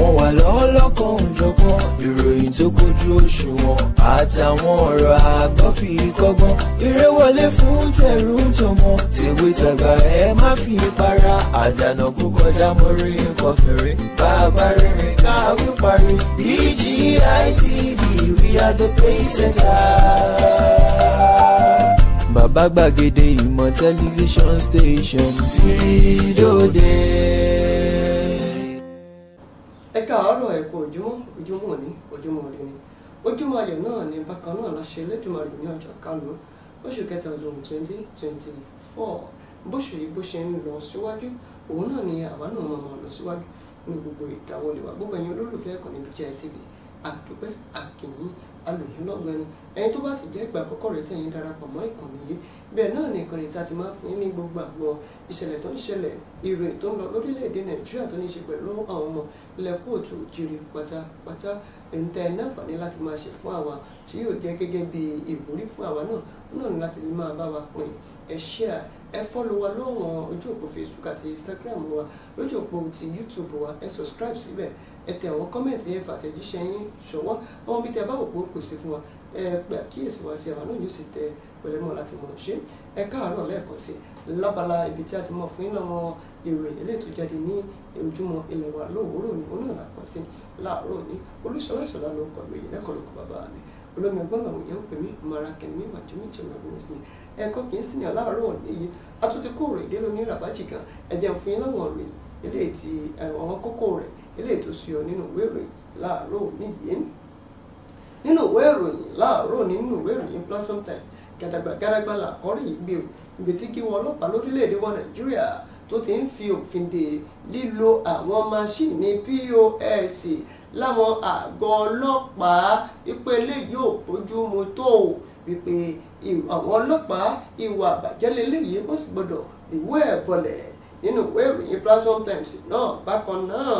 wọ́n wà lọ́wọ́ lọ́kàn òjọ̀gbọ́n ìròyìn tó kojú òṣùwọ̀n àtàwọn ọ̀rọ̀ àgbọ́ kọ́gbọ́n eré wọlé fún tẹ̀rù tọmọ tèwe tàgbà ẹ má fi para àdànà kú kọjá mọ́rí nǹkan bàbá rere káwí parí BGI we are the pace setter bàbá gbàgede ìmọ̀ tẹlifíṣọ̀n station tí dòde. ẹ àárọ̀ ẹ̀kọ́ kú ojúmọ́ ojúmọ́ òní ojúmọ́ òní ni ojúmọ́ ayọ̀ náà ni bákan la ṣe lẹ́dùnmarè ní ọjọ́ kánú oṣù kẹta ọdún twenty twenty four bóṣù yìí bó ṣe lọ síwájú òun náà ni àwa náà ọdún alòyúnlọ́gbọ̀n ni ẹni tó bá sì jẹ́ ìgbà àkọ́kọ́ rẹ̀ tẹ̀yìn darapọ̀ mọ́ ìkànnì yìí bẹ́ẹ̀ náà ni ìkànnì tá a ti máa ń fún yín ní gbogbo àwọn ìṣẹ̀lẹ̀ tó ń ṣẹlẹ̀ ìròyìn tó ń lọ lórílẹ̀‐èdè nàìjíríà tó ní ṣe pẹ̀lú àwọn ọmọ lẹ́kọ̀ọ́tù jìrì pátápátá ẹ̀ǹtẹ̀ náfààní láti máa ṣe fún àwa tí yóò jẹ́ gẹ́gẹ́ bí ìwúrí fún àwa náà náà ni láti máa bá wa pín ẹ share ẹ follow wa lọ́wọ́n ojú òpó facebook àti instagram wa lójú òpó ti youtube wa ẹ subscribe síbẹ̀ ẹ tẹ àwọn kọ́mẹ̀ntì yẹn fàtẹ̀jíṣẹ́ yín ṣọwọ́ àwọn bíi tẹ bá pé ó pèsè fún wa ẹ pé àkíyèsí wa sí àwọn náà yóò sì tẹ pẹ̀lẹ́mọ̀ láti mọ̀ ṣe ẹ káàárọ̀ lẹ́ẹ̀kan sí lábala ibi tí a ti mọ̀ fún yín lọ́wọ́ ìròyìn eléètò jáde ní ojúmọ́ ilẹ̀ wa lóòórọ̀ ni òun náà là kàn sí láàárọ̀ ni olùṣọ́lọ́ṣọ́lá ló kọ̀ lóye lẹ́kọ̀ọ́ lóko bàbá mi olómi ọgbọ́n làwọn èèyàn ń pè mí mara kẹ̀mí wàjú mi jẹun ọdún sí i ẹ̀kọ́ kì í sìn yàn láàárọ̀ níyì a tún ti kó ọ̀rọ̀ ìdílé oníràbájì gan ẹ̀jẹ̀ fún yín láwọn ọ̀rọ̀ yìí eléyìí àwọn kókó rẹ̀ eléyìí tó ṣe ọ nínú ìwé ìròyìn láàárọ̀ nìyí nínú ìwé ìròyìn láàárọ̀ nínú ìwé ìròyìn Platform Times gàdàgbà gàdàgbà làkọ́rí yìí gbèrò ibi tí kí wọn ọlọ́pàá lórílẹ̀‐èdè wa Nàìjíríà tó ti ń fi òfin de lílo àwọn maṣíìnì POS láwọn àgọ́ ọlọ́pàá wípé eléyìí ò bójú mu tó o wípé àwọn ọlọ́pàá ìwà àbàjẹ́ lélẹ́yìí ó sì gbọ́dọ̀ ìwé ẹ̀ bọ̀lẹ̀ nínú ìwé ìròyìn Platform Times náà bákan náà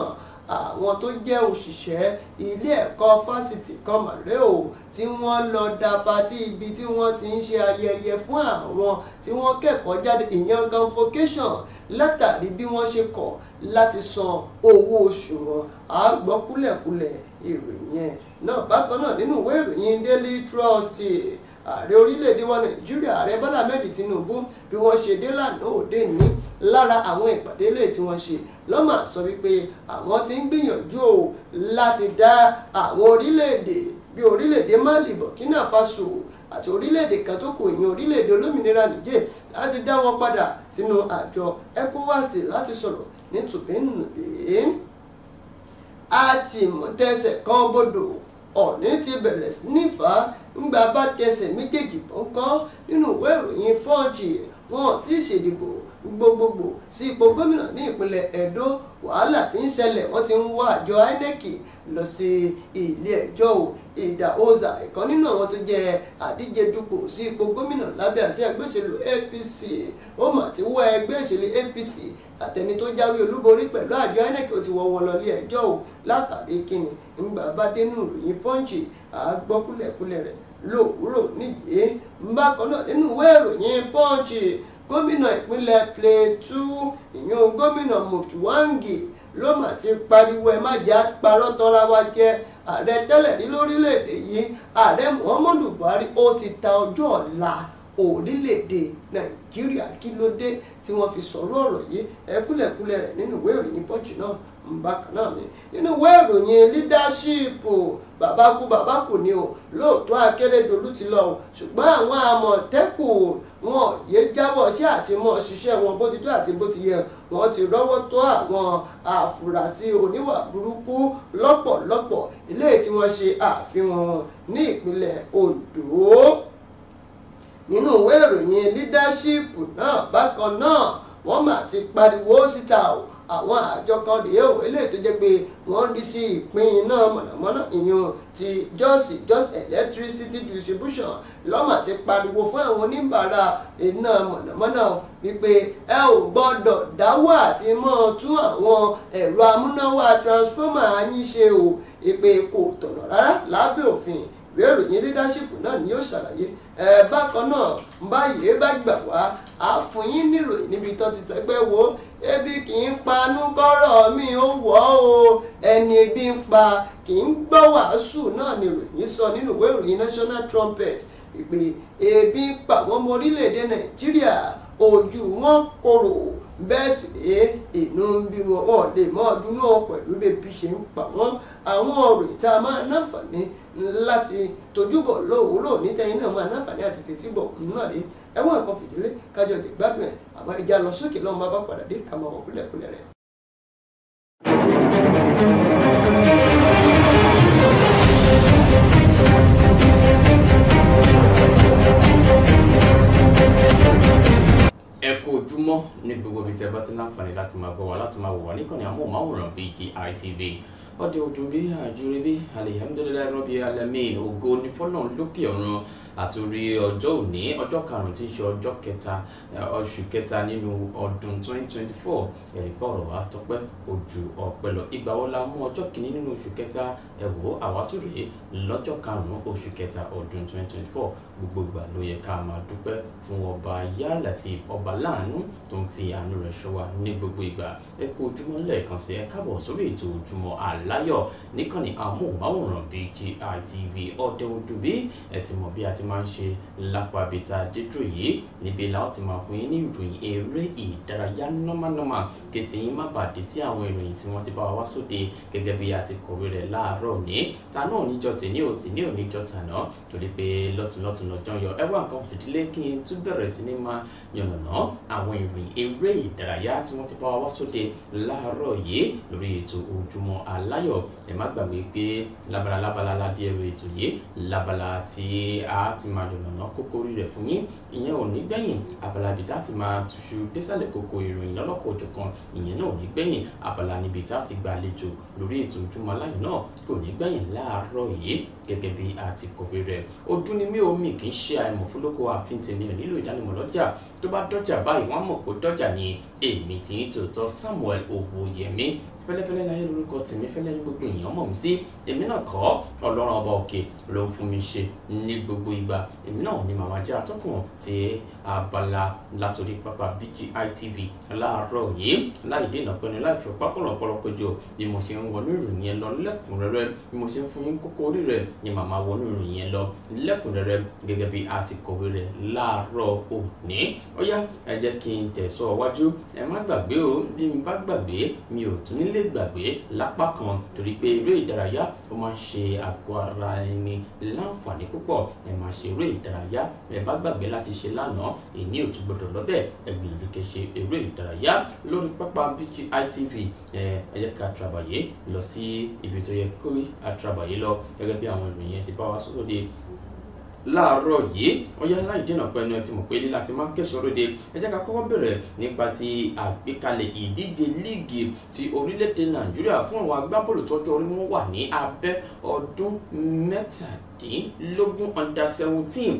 àwọn tó jẹ́ òṣìṣẹ́ ilé ẹ̀kọ́ fásitì kan màlẹ́ o tí wọ́n lọ dàbàtì ibi tí wọ́n ti ń ṣe ayẹyẹ fún àwọn tí wọ́n kẹ́kọ̀ọ́ jáde ìyẹn convocation látàrí bí wọ́n ṣe kọ̀ láti san owó oṣù wọn àgbọ̀ kúlẹ̀kúlẹ̀ ìròyìn yẹn náà bákan náà nínú ìwé ìròyìn Daily Trust ààrẹ orílẹ̀-èdè wa nàìjíríà ààrẹ bọ́lá ahmed tinubu bí wọ́n ṣe dé lánàá òde ní lára àwọn ìpàdé lè tí wọ́n ṣe lọ́mà sọ wípé àwọn ti ń gbìyànjú o láti dá àwọn orílẹ̀-èdè bí orílẹ̀-èdè mali burkina faso àti orílẹ̀-èdè kan tó kù ìyẹn orílẹ̀-èdè olómìnira nìjẹ́ láti dá wọn padà sínú àjọ ecowas láti sọ̀rọ̀ ní tùbínùbí àtìmọ̀tẹsẹ̀ kan bodò ọ̀ní ti bẹ̀rẹ̀ sí nífà ńgbà bá tẹsẹ̀ méjèèjì tó ń kọ́ nínú ìwé ìròyìn pọ́ǹchì wọn ti ṣèdìbò gbogbogbò sí ipò gómìnà ní ìpínlẹ̀ Ẹdó wàhálà ti ń ṣẹlẹ̀ wọ́n ti ń wá àjọ INEC lọ sí ilé ẹjọ́ o ìdá oza ìkan nínú àwọn tó jẹ àdíje dupò sí ipò gómìnà lábẹ́ àsíá ẹgbẹ́ òṣèlú APC ó mà ti wọ ẹgbẹ́ òṣèlú APC àtẹni tó jáwé olúborí pẹ̀lú àjọ INEC ó ti wọ́ wọn lọ ilé ẹjọ́ o látàrí kíni ńgbà bá pọ́ǹchì náà gómìnà ìpínlẹ̀ plateau ìyún gómìnà mufti wangi ló mà ti pariwo ẹ má jẹ́ àparọ́ tọ́ra wa jẹ ààrẹ tẹ́lẹ̀ ní lórílẹ̀‐èdè yìí ààrẹ muhammadu buhari ó ti ta ọjọ́ ọ̀la orílẹ̀-èdè nàìjíríà kí ló dé tí wọ́n fi sọ̀rọ̀ ọ̀rọ̀ yìí ẹ̀kúlẹ̀kúlẹ̀ rẹ̀ nínú ìwé ìròyìn pọ́jù náà ń bákan náà ni nínú ìwé ìròyìn lídáṣíìpù bàbá kú bàbá kù ni o lóòótọ́ akérèdọ́lù ti lọ o ṣùgbọ́n àwọn àmọ̀tẹ́kùn wọn yéé jábọ̀ sí àti mọ̀ ṣiṣẹ́ wọn bó ti tó àti bó ti yẹ wọn ti rọ́wọ́ tó àwọn àfúrásì oníwà burúkú lọ́pọ̀lọpọ̀ ilé tí wọ́n ṣe àfihàn ní ìpínlẹ̀ Ondo nínú ìwé ìròyìn lídáṣípù náà bákan náà wọ́n mà ti pariwo síta o àwọn àjọ kan rèé o eléyìí tó jẹ́ pé wọ́n rí sí ìpín iná mọ̀nàmọ́ná ìyún ti Jos Jos Electricity Distribution lọ́mà ti pariwo fún àwọn oníbàárà iná mọ̀nàmọ́ná wípé ẹ ò gbọ́dọ̀ dáwọ́ àti mọ́ tún àwọn ẹ̀rọ amúnáwá transformer yín ṣe o ìpè kò tọ̀nà rárá lábẹ́ òfin ìwé ìròyìn leadership náà ni yóò ṣàlàyé ẹ bákan náà báyìí bá bá gbà wá á fún yín níbi tó ti sẹgbẹ wo ebi kì í panú kọrọ mi ó wọ̀ o ẹni ebi ń pa kì í gbọ́ wàásù náà ni sọ nínú ìwé ìròyìn national trumpet ìpè ebi ń pa àwọn orílẹ̀ wọn bẹ́ẹ̀ sì ré inú ń bí wọn wọn lè mọ́ ọdún náà pẹ̀lú bébí ṣe ń pa wọ́n àwọn ọ̀rọ̀ ìta máa náfààní láti tojúbọ̀ lówùúrò nítẹ̀yìn náà máa náfààní àti tètè bọ̀ náà rí ẹ̀wọ̀n nǹkan fìdílé kájọ lè gbádùn ẹ̀ àmọ́ ẹja lọ sókè lọ́mọ bá padà dé kàmọ́ ọ̀kúlẹ̀kúlẹ̀ rẹ̀. láǹfààní láti máa gbọ́ wa láti máa wò wá níkànnì amóhùnmáwòrán BGI TV ọdẹ odò bí àjùrẹ́ bí alihamudulilayi rọ́bì alamin ògo ní fọ́lọ́run lókè ọ̀run àtòrí ọjọ́ òní ọjọ́ karùn-ún tí í ṣe ọjọ́ kẹta eh, oṣù kẹta nínú ọdún 2024 ẹ̀ríkọ́ ọ̀rọ̀ wa tọpẹ́ ojú ọpẹ́ lọ ìgbà wo la mú ọjọ́ kìíní nínú oṣù kẹta ẹ̀wọ́ àwa tó rèé lọ́jọ́ karùn-ún oṣù kẹta ọdún 2024 gbogbo ìgbà ló yẹ ká máa dúpẹ́ fún ọba yálà ti ọba láàánú tó ń fi àánú rẹ̀ ṣọ́ wa ní gbogbo ìgbà ẹ kú ojúmọ́ lẹ́ẹ̀kan sí ẹ káàbọ̀ sórí ètò ojúmọ́ àláyọ̀ níkànnì amóhùnmáwòrán BGI TV ọ̀dẹ̀ odò bí ẹ ti mọ̀ bí a ti m máa ń ṣe lápàbíta dídùn yìí níbi la ó ti máa fún yín ní ìròyìn eré ìdárayá nọ́mánọ́mà kété yín má bàdé sí àwọn ìròyìn tí wọ́n ti bá wa wá sóde gẹ́gẹ́ bí a ti kọ̀wé rẹ̀ láàárọ̀ ní ta náà níjọ tèmi ò tèmi ò níjọ tàná torí pé lọ́tùnlọ́tùn lọ́jọ́ yọ ẹwà nǹkan fìdílé kí n tún bẹ̀rẹ̀ sí ní máa yànnàná àwọn ìròyìn eré ìdárayá tí wọ́n ti bá wa wá sóde láàárọ̀ yìí lórí ètò ojúmọ́ aláyọ̀ ẹ má gbàgbé pé labala labala la di ẹrù ètò yìí labala tí a láti máa lò lọ́nà kókórí rẹ̀ ìyẹn ò ní gbẹ̀yìn abala bíi táti máa túṣu désàlẹ̀ kókó ìròyìn lọ́lọ́kọ̀ òjọ̀kan ìyẹn náà ò ní gbẹ̀yìn abala níbi táti gba àlejò lórí ètò ojúmọ́ aláyọ̀ náà kò ní gbẹ̀yìn láàárọ̀ yìí gẹ́gẹ́ bí àti kọ̀wé rẹ̀ ojú ni mí omi kì í ṣe àìmọ̀ fún lóko àfin tèmi ò nílò ìdánimọ̀ lọ́jà tó bá dọ́jà báyìí wọ́n mọ̀ pé dọ́jà ni èmi tí ń tòótọ́ Samuel Owóyẹmí fẹ́lẹ́fẹ́lẹ́ láyé lórúkọ tèmi fẹ́lẹ́ ní gbogbo èèyàn mọ̀ mí sí èmi náà kọ́ Ọlọ́run ọba òkè ló ń fún mi ṣe ní gbogbo ìgbà èmi náà ni màmá jẹ́ atọ́kùn ti abala látòrí pápá BGI TV láàárọ̀ yìí láì dènà pẹ́ni láì fi pápá ọ̀pọ̀lọpọ̀ péjọ bí mo ṣe ń wọnú ìròyìn yẹn lọ lẹ́kùnrẹ́rẹ́ bí mo ṣe ń fún yín kókó orí rẹ̀ ni màmá wọnú ìròyìn yẹn lọ lẹ́kùnrẹ́rẹ́ gẹ́gẹ́ bí a ti kọ̀wé rẹ̀ láàárọ̀ òní ó yá ẹ jẹ́ kí n tẹ̀sọ́ wájú ẹ má gbàgbé o bí mi bá gbàgbé mi ò tún nílé gbàgbé lápá kan torí pé eré ìdárayá ó máa ń ṣe àgọ́ ara ẹni láǹfààní púpọ̀ ẹ máa ṣe eré ìdárayá ẹ bá gbàgbé láti ti ṣe lánàá ìní ò tún gbọdọ̀ lọ́bẹ̀ ẹgbẹ́ ìdíkẹ́ ṣe eré ìdárayá lórí pápá BGI TV ẹ yẹ lọ sí ibi tó yẹ kó atrabayé lọ gẹ́gẹ́ bí àwọn ìròyìn ti bá wa sọ́dọ̀ de láàárọ̀ yìí ọyá aláìdènà pẹ̀lú ẹtì mọ̀ pé ní láti máa ń kẹsọ̀rọ̀dẹ ẹ jẹ́ ká kọ́kọ́ bẹ̀rẹ̀ nípa ti àgbékalẹ̀ ìdíje líìgì ti orílẹ̀-èdè nàìjíríà fún àwọn agbábọ́ọ̀lù tọ́jú orí wọn wà ní abẹ́ ọdún mẹ́tàdínlẹ́ mọ́kàndínlógún under seventeen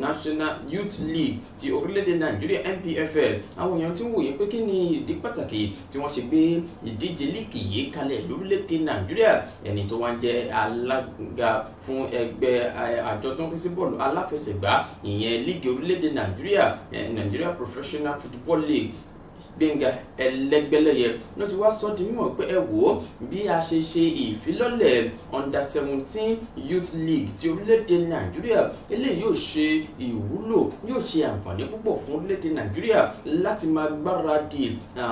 national youth league ti orílẹ̀-èdè nàìjíríà npfl àwọn èèyàn ti ń wòye pé kí ni ìdí pàtàkì tí wọ́n ṣe gbé ìdíje líìkì yìí kalẹ̀ lórílẹ̀-èdè nàìjíríà ẹni tó wá ń jẹ́ alága fún ẹgbẹ́ eh, àjọ tó ń rí sí bọ́ọ̀lù aláfẹsẹ̀gbá ìyẹn líìgì orílẹ̀-èdè nàìjíríà eh, nàìjíríà professional football league gbẹ̀ngà ẹlẹ́gbẹ́lẹ́yẹ ló ti wá sọ di mímọ̀ pé ẹ wò ó bí a ṣe ṣe ìfilọ́lẹ̀ under seventeen youth league ti orílẹ̀-èdè nàìjíríà eléyìí yóò ṣe ìwúlò yóò ṣe àǹfààní púpọ̀ fún orílẹ̀-èdè nàìjíríà láti máa gbáradì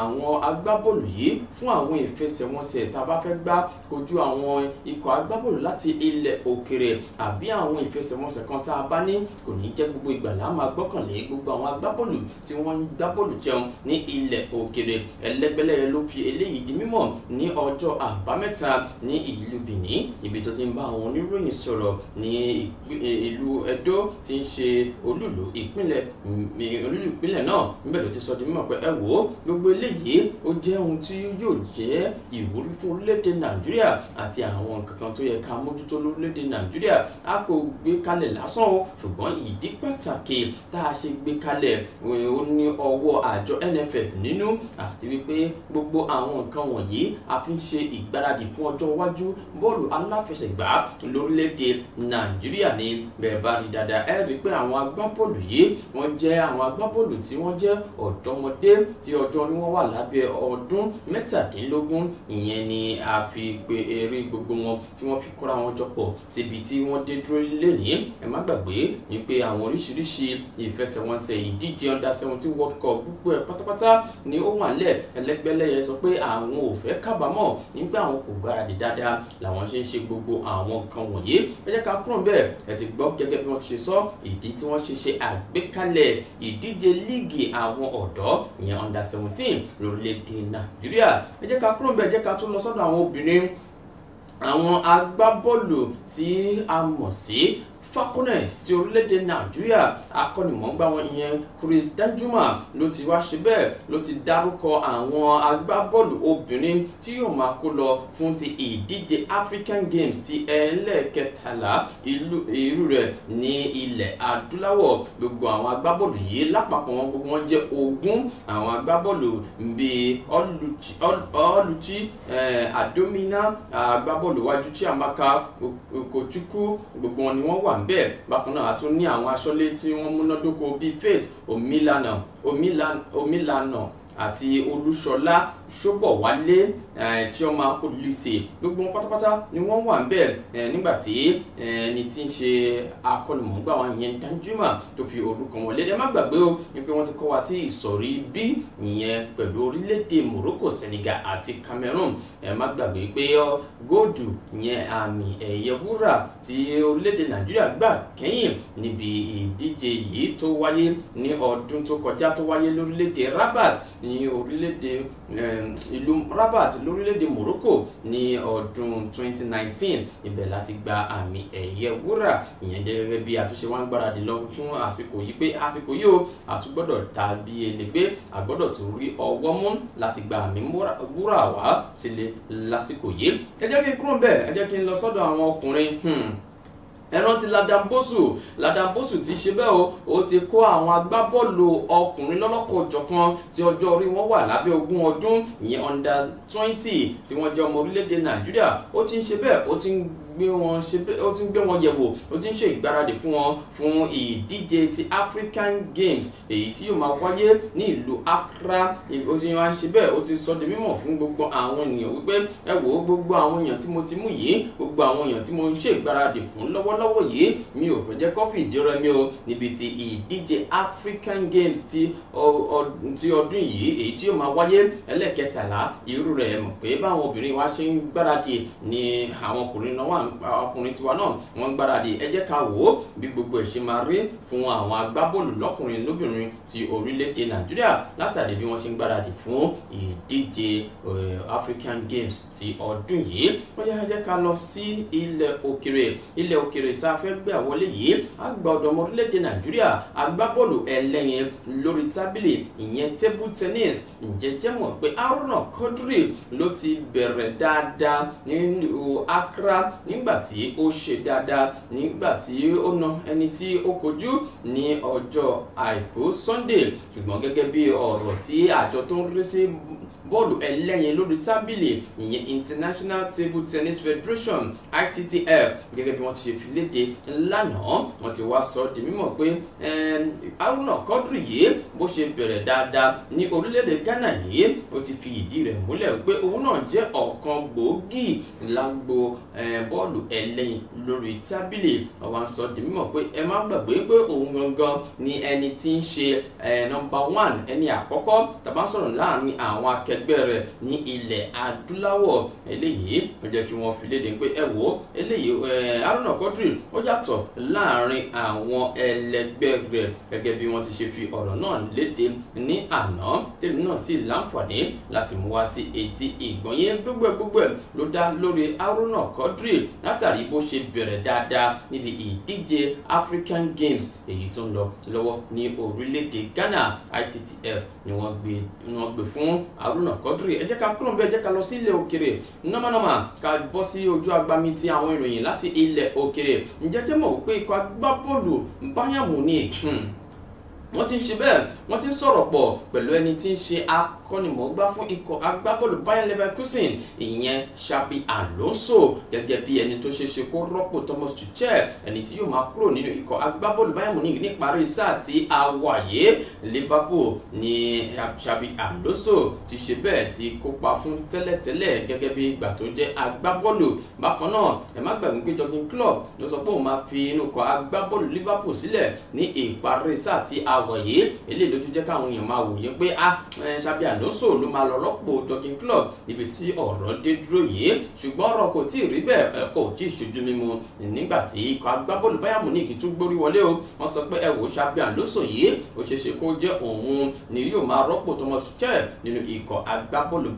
àwọn agbábọ́ọ̀lù yìí fún àwọn ìfẹsẹ̀wọnsẹ̀ tá a bá fẹ́ gbá kojú àwọn ikọ̀ agbábọ́ọ̀lù láti ilẹ̀ òkèrè àbí àwọn ìfẹsẹ̀wọnsẹ̀ kan tá a bá ní kò ní jẹ́ gbogbo ìgbà máa gbọ́kànlé gbogbo àwọn agbábọ́ọ̀lù tí wọ́n ń gbábọ́ọ̀lù jẹun ní ilẹ̀ òkèrè ẹlẹ́gbẹ́lẹ́ ló fi eléyìí di mímọ̀ ní ọjọ́ àbámẹ́ta ní ìlú Benin ibi tó ti ń bá àwọn oníròyìn sọ̀rọ̀ ní ìlú Ẹdó ti ń ṣe olúlu ìpínlẹ̀ olúlu ìpínlẹ̀ náà níbẹ̀ ló ti sọ di mímọ̀ pé ẹ wò ó gbogbo eléyìí ó jẹ́ ohun tí yóò jẹ́ ìwúrí fún orílẹ̀-èdè Nàìjíríà àti àwọn nǹkan tó yẹ ká mójútó lórílẹ̀-èdè Nàìjíríà a kò gbé kalẹ̀ lásán o ṣùgbọ́n ìdí pàtàkì tá a ṣe gbé kalẹ̀ ó ní ọwọ́ àjọ NFF nínú àti wípé gbogbo àwọn nǹkan wọ̀nyí a fi ń ṣe ìgbáradì fún ọjọ́ iwájú bọ́ọ̀lù aláfẹsẹ̀gbá lórílẹ̀‐èdè nàìjíríà ni bẹ́ẹ̀ bá rí dáadáa ẹ rí pé àwọn agbábọ́ọ̀lù yìí wọ́n jẹ́ àwọn agbábọ́ọ̀lù tí wọ́n jẹ́ ọ̀dọ́mọdé tí ọjọ́ orí wọn wà lábẹ́ ọdún mẹ́tàdínlógún ìyẹn ni a fi pe eré gbogbo wọn tí wọ́n fi kóra wọn jọpọ̀ síbi tí wọ́n dé dúró lénìí ẹ má gbàgbé wípé àwọn oríṣiríṣi ìfẹsẹ̀wọnsẹ̀ ìdíje under seventeen world cup gbogbo ẹ̀ pátápátá ńlá ni ó wà nílẹ̀ ẹlẹ́gbẹ́lẹ́yẹ sọ pé àwọn ò fẹ́ kábàámọ̀ nígbà àwọn kò gbáradì dáadáa làwọn ṣe ń ṣe gbogbo àwọn nǹkan wọ̀nyí ẹ jẹ́ ká kúrò bẹ́ẹ̀ ẹ ti gbọ́ gẹ́gẹ́ bí wọ́n ti ṣe sọ ìdí tí wọ́n ṣe ṣe àgbékalẹ̀ ìdíje líìgì àwọn ọ̀dọ́ ìyẹn under seventeen lórílẹ̀‐èdè nàìjíríà ẹ jẹ́ ká kúrò bẹ́ẹ̀ jẹ́ ká tún lọ sọ́dọ̀ àwọn obìnrin àwọn agbábọ́ọ̀lù tí a mọ̀ sí falconet ti orílẹ̀-èdè nàìjíríà akọ́nimọ̀ọ́gbá wọn ìyẹn chris danjuma ló ti wá ṣe bẹ́ẹ̀ ló ti dárúkọ àwọn agbábọ́ọ̀lù obìnrin tí yóò máa kó lọ fún ti ìdíje african games ti ẹlẹ́ẹ̀kẹtàlá irú rẹ̀ ní ilẹ̀ adúláwọ̀ gbogbo àwọn agbábọ́ọ̀lù yìí lápapọ̀ wọn gbogbo wọn jẹ́ ogún àwọn agbábọ́ọ̀lù bíi ọlùchí eh, adomina agbábọ́ọ̀lù wájú chiamaka kochukwu gbogbo wọn ni wọ́n wà ń bẹ̀ a tún ní àwọn aṣọ́lé tí wọ́n múnádóko bíi Faith Omilana Omilana àti Olúṣọlá ṣọ́bọ̀wálé chioma eh, olùlísè gbogbo wọn pátápátá ni wọ́n wà níbẹ̀ eh, nígbà tí eh, ẹni tí ń ṣe akọlùmọ̀gbà wọn ìyẹn danjuma tó fi orúkọ wọn lédè má gbàgbé o wípé wọ́n ti kọ́ wa sí ìsọ̀rí bí ìyẹn pẹ̀lú orílẹ̀-èdè morocco senegal àti cameroon ẹ má gbàgbé pé góòdù ìyẹn àmì ẹ̀yẹ wúrà ti orílẹ̀-èdè nàìjíríà gbà kẹ́yìn níbi ìdíje yìí tó wáyé ní ọdún tó kọjá tó wáyé lórílẹ̀-èdè rabat ní orílẹ̀-èdè ìlú Rabat lórílẹ̀‐èdè Morocco ní ọdún 2019 ibẹ̀ láti gba àmì ẹ̀yẹ wúrà ìyẹn jẹ́ gẹ́gẹ́ bí àtúnṣe wa ń gbáradì lọ fún àsìkò yìí pé àsìkò yìí o àtúgbọ́dọ̀ tàbí elégbé àgbọ́dọ̀ tó rí ọwọ́ mú láti gba àmì wúrà wá sílé lásìkò yìí ẹ jẹ́ kí n kúrò bẹ́ẹ̀ ẹ jẹ́ kí n lọ sọ́dọ̀ àwọn ọkùnrin hmm ẹran ti ladambosu ladambosu ti ṣe bẹ́ẹ̀ o ó ti kó àwọn agbábọ́ọ̀lù ọkùnrin lọ́lọ́kọ̀ọ́jọ̀kan tí ọjọ́ orí wọn wà lábẹ́ ogún ọdún ìyẹn under twenty tí wọ́n jẹ́ ọmọ orílẹ̀-èdè nàìjíríà ó ti ń ṣe bẹ́ẹ̀ ó ti ń gbé wọn ṣe ó ti ń gbé wọn yẹ̀wò ó ti ń ṣe ìgbáradì fún wọn fún ìdíje ti African Games èyí tí yóò máa wáyé ní ìlú Accra ó ti máa ń ṣe bẹ́ẹ̀ ó ti sọ di mímọ̀ fún gbogbo àwọn ènìyàn wípé ẹ wò ó gbogbo àwọn èèyàn tí mo ti mú yìí gbogbo àwọn èèyàn tí mo ń ṣe ìgbáradì fún lọ́wọ́lọ́wọ́ yìí mi ò fẹ́ jẹ́ kọ́fì ìdírẹ́mi o níbi ti ìdíje African Games ti ọdún yìí èyí tí yóò máa wáyé ẹlẹ́kẹtàlá irú rẹ̀ mọ̀ pé báwọn obìnrin wa ṣe ń gbáradì ni àwọn ọkùnrin náà wà ń ọkùnrin tiwa náà wọ́n gbáradì ẹ jẹ́ ká wò ó bí gbogbo ẹ̀ ṣe máa rí fún àwọn agbábọ́ọ̀lù lọ́kùnrin lóbìnrin ti orílẹ̀-èdè nàìjíríà látàrí bí wọ́n ṣe ń gbáradì fún ìdíje eh, African Games ti ọdún yìí wọ́n yá ẹ jẹ́ ká lọ sí ilẹ̀ òkèrè ilẹ̀ òkèrè tá a fẹ́ gbé àwọlé yìí àgbà ọ̀dọ́mọ orílẹ̀-èdè nàìjíríà agbábọ́ọ̀lù ẹlẹ́yin lórí tábìlì ìyẹn table tennis ǹjẹ́ mọ̀ pé Haruna Kodri ló ti bẹ̀rẹ̀ dáadáa nínú Accra ní nígbà tí ó ṣe dáadáa nígbà tí ó na ẹni tí ó kojú ní ọjọ́ àìkú Sunday ṣùgbọ́n gẹ́gẹ́ bí ọ̀rọ̀ tí àjọ tó ń rí sí bọ́ọ̀lù ẹlẹ́yin lórí tábìlì ìyẹn International Table Tennis Federation ITTF gẹ́gẹ́ bí wọ́n ti ṣe fi léde lánàá wọ́n ti wá sọ ọ́ di mímọ̀ pé Haruna Quadri yìí bó ṣe bẹ̀rẹ̀ dáadáa ní orílẹ̀-èdè Ghana yìí ó ti fi ìdí rẹ̀ múlẹ̀ pé òun náà jẹ́ ọ̀kan gbòógì lágbo bọ́ọ̀lù ẹlẹ́yin lórí tábìlì wọ́n wá sọ ọ́ di mímọ̀ pé ẹ má gbàgbé pé òun gangan ni ẹni tí ń ṣe nọ́mbà one ẹni àkọ́kọ́ tàbá sọ̀rọ̀ láàrin àwọn akẹ́ ẹgbẹ́ rẹ̀ ní ilẹ̀ adúláwọ̀ eléyìí ó jẹ́ kí wọ́n fi léde pé ẹ wò ó eléyìí Haruna Quadri ó yàtọ̀ láàrin àwọn ẹlẹgbẹ́ rẹ̀ gẹ́gẹ́ bí wọ́n ti ṣe fi ọ̀rọ̀ náà léde ní àná tèmi náà sì láǹfààní láti mú wá sí etí ìgbọ̀nyẹn gbogbo gbogbo ló dá lórí Haruna Quadri látàrí bó ṣe bẹ̀rẹ̀ dáadáa níbi ìdíje African Games èyí tó ń lọ lọ́wọ́ ní orílẹ̀-èdè Ghana ITTF ni wọ́n gbé fún Haruna Gọvanọ Quadri ẹ jẹ́ ká kúrò níbẹ̀ ẹ jẹ́ ká lọ sí ilẹ̀ òkèrè nọ́mọ́nọ́mọ́ ká bọ́ sí ojú agbami ti àwọn ìròyìn láti ilẹ̀ òkèrè ǹjẹ́ jẹ́ mọ̀ ikọ̀ agbábọ́ọ̀lù Bayern Munich hmm, wọ́n ti ń ṣe bẹ́ẹ̀ wọ́n ti ń sọ̀rọ̀ pọ̀ pẹ̀lú ẹni tí ń ṣe akọ́nimọ̀ọ́gbá fún ikọ̀ agbábọ́ọ̀lù Bayer Leverkusen ìyẹn Xabi Alonso gẹ́gẹ́ bí ẹni tó ṣe ṣe kó rọ́pò Thomas Tuchel ẹni tí yóò máa kúrò nínú ikọ̀ agbábọ́ọ̀lù Bayern Munich níparí sáà tí a wà yé Liverpool ni Xabi Alonso ti ṣe bẹ́ẹ̀ ti kópa fún tẹ́lẹ̀tẹ́lẹ̀ gẹ́gẹ́ bí ìgbà tó jẹ́ agbábọ́ọ̀lù bákan náà a wọ̀ yìí eléyìí ló tún jẹ́ káwọn èèyàn máa wòye pé a ah, Xabi eh, Alonso ló máa lọ rọ́pò Jurgen Klopp níbi tí ọ̀rọ̀ dé dúró yìí ṣùgbọ́n ọ̀rọ̀ kò tí ì rí bẹ́ẹ̀ ẹ̀kọ́ tí ì mímu nígbà tí ikọ̀ agbábọ́ọ̀lù Bayern Munich tún gbórí wọlé o wọ́n sọ pé ẹ wò Xabi Alonso yìí ó ṣe ṣe kó jẹ́ òun ni yóò máa rọ́pò Thomas Tuchel nínú ikọ̀ agbábọ́ọ̀lù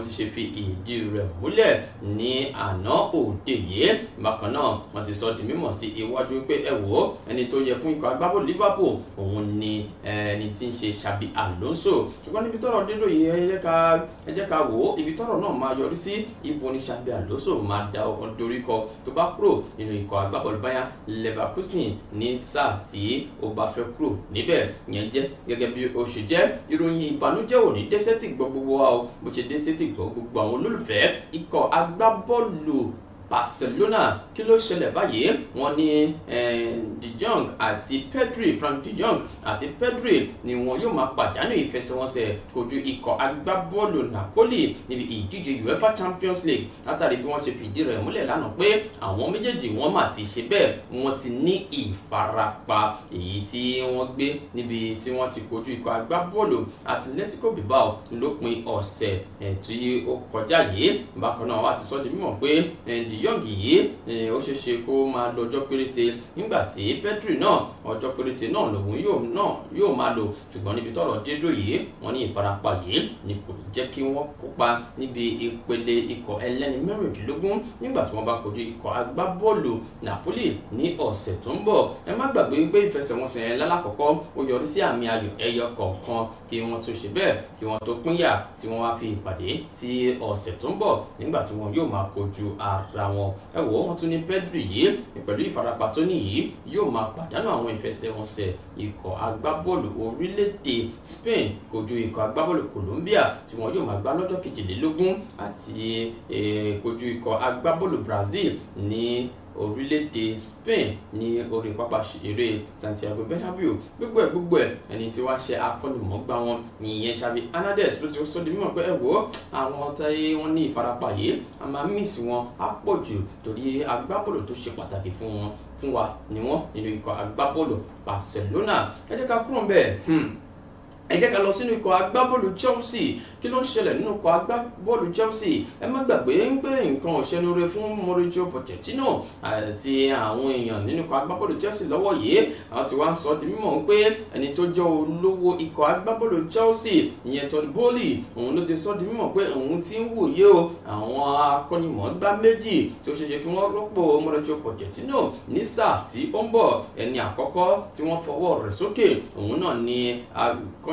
ti ṣe fi ìdí rẹ̀ múlẹ̀ ní àná òde yìí sọ sí iwájú pé ẹ wò ó ẹni tó yẹ fún ikọ̀ agbábọ́ọ̀lù Liverpool òun ni ẹni tí ń ṣe Xabi Alonso ṣùgbọ́n níbi tọ́rọ̀ dídò yìí ẹ jẹ́ ká wò ó ibi tọ́rọ̀ náà máa yọrí sí ibo ni Xabi Alonso máa da ọkàn dorí kọ tó bá kúrò nínú ikọ̀ agbábọ́ọ̀lù Bayer Leverkusen ní sáà tí ó bá fẹ́ kúrò níbẹ̀ yẹn jẹ́ gẹ́gẹ́ bí ó ṣe jẹ́ ìròyìn ìbànújẹ́ òní dẹ́sẹ́ tì gbọ́ gbogbo wa o bó ṣe dẹ́sẹ́ tì gbọ́ gbogbo àwọn olólùfẹ́ Barcelona kí ló ṣẹlẹ̀ báyìí wọ́n ní de jong àti pedri frank de jong àti pedri ni wọn yóò máa pàdánù ìfẹsẹ̀wọnsẹ̀ kojú ikọ̀ agbábọ́ọ̀lù napoli níbi ìdíje uefa champions league látàrí bí wọ́n ṣe fìdí rẹ̀ múlẹ̀ lánàá pé àwọn méjèèjì wọ́n mà ti ṣe bẹ́ẹ̀ wọ́n ti ní ìfarapa èyí tí wọ́n gbé níbi tí wọ́n ti kojú ikọ̀ agbábọ́ọ̀lù atletico bilbao lópin ọ̀sẹ̀ tí ó kọjá yìí bákan náà wọ́n ti sọ di mímọ̀ pé de yìí ó ṣeé ṣe kó máa lo ọjọ́ péréte nígbà tí Pedri náà ọjọ́ péréte náà lòun yóò máa lò ṣùgbọ́n níbi tọ́rọ̀ dédò yìí wọ́n ní ìfarapa yìí ni kò jẹ́ kí wọ́n kópa níbi ìpele ikọ̀ ẹlẹ́ni mẹ́rìndínlógún nígbà tí wọ́n bá kojú ikọ̀ agbábọ́ọ̀lù Napoli ní ọ̀sẹ̀ tó ń bọ̀ ẹ má gbàgbé pé ìfẹsẹ̀wọnsẹ̀ yẹn lálákọ̀ọ́kọ́ ó yọrí sí àmì ayò ẹyọ kọ̀ọ̀kan kí wọ́n tó ṣe bẹ́ẹ̀ kí wọ́n tó pínyà tí wọ́n wá fi ìpàdé sí ọ̀sẹ̀ tó ń bọ̀ nígbà tí wọ́n yóò máa kojú ara wọn ẹ wò ó wọ́n tún ní Justin Pedri yìí pẹ̀lú ìfarapa tó ní yìí yóò máa pàdánù àwọn ìfẹsẹ̀wọnsẹ̀ ikọ̀ agbábọ́ọ̀lù orílẹ̀-èdè Spain kojú ikọ̀ agbábọ́ọ̀lù Colombia tí wọn yóò máa gbá lọ́jọ́ kejìlélógún àti eh, kojú ikọ̀ agbábọ́ọ̀lù Brazil ní orílẹ̀-èdè Spain ní orí pápá eré Santiago Bernabeu gbogbo ẹ̀ gbogbo ẹ̀ ẹni tí wàá ṣe akọ́nimọ̀ọ́gbá wọn nìyẹn Xavi Hernandez ló ti sọ di mímọ̀ pé ẹ wò ó àwọn táyé wọn ní ìfarapa yìí a máa mísì wọn á pọ̀ jù torí agbábọ́ọ̀lù tó ṣe pàtàkì fún wọn fún wa ni wọn nínú ikọ̀ agbábọ́ọ̀lù Barcelona ẹ jẹ́ ká kúrò ń bẹ́ẹ̀ hmm ẹ jẹ́ ká lọ sínú ikọ̀ agbábọ́ọ̀lù Chelsea kí ló ń ṣẹlẹ̀ nínú ikọ̀ agbábọ́ọ̀lù Chelsea ẹ má gbàgbé ń pé nǹkan ọ̀ṣẹ́nure fún Mauricio Pochettino àti àwọn èèyàn nínú ikọ̀ agbábọ́ọ̀lù Chelsea lọ́wọ́ yìí àwọn ti wá ń sọ di mímọ̀ pé ẹni tó jẹ́ olówó ikọ̀ agbábọ́ọ̀lù Chelsea ìyẹn Todd Boehly òun ló ti sọ di mímọ̀ pé òun ti ń wòye o àwọn akọ́nimọ̀ọ́gbá méjì tí ó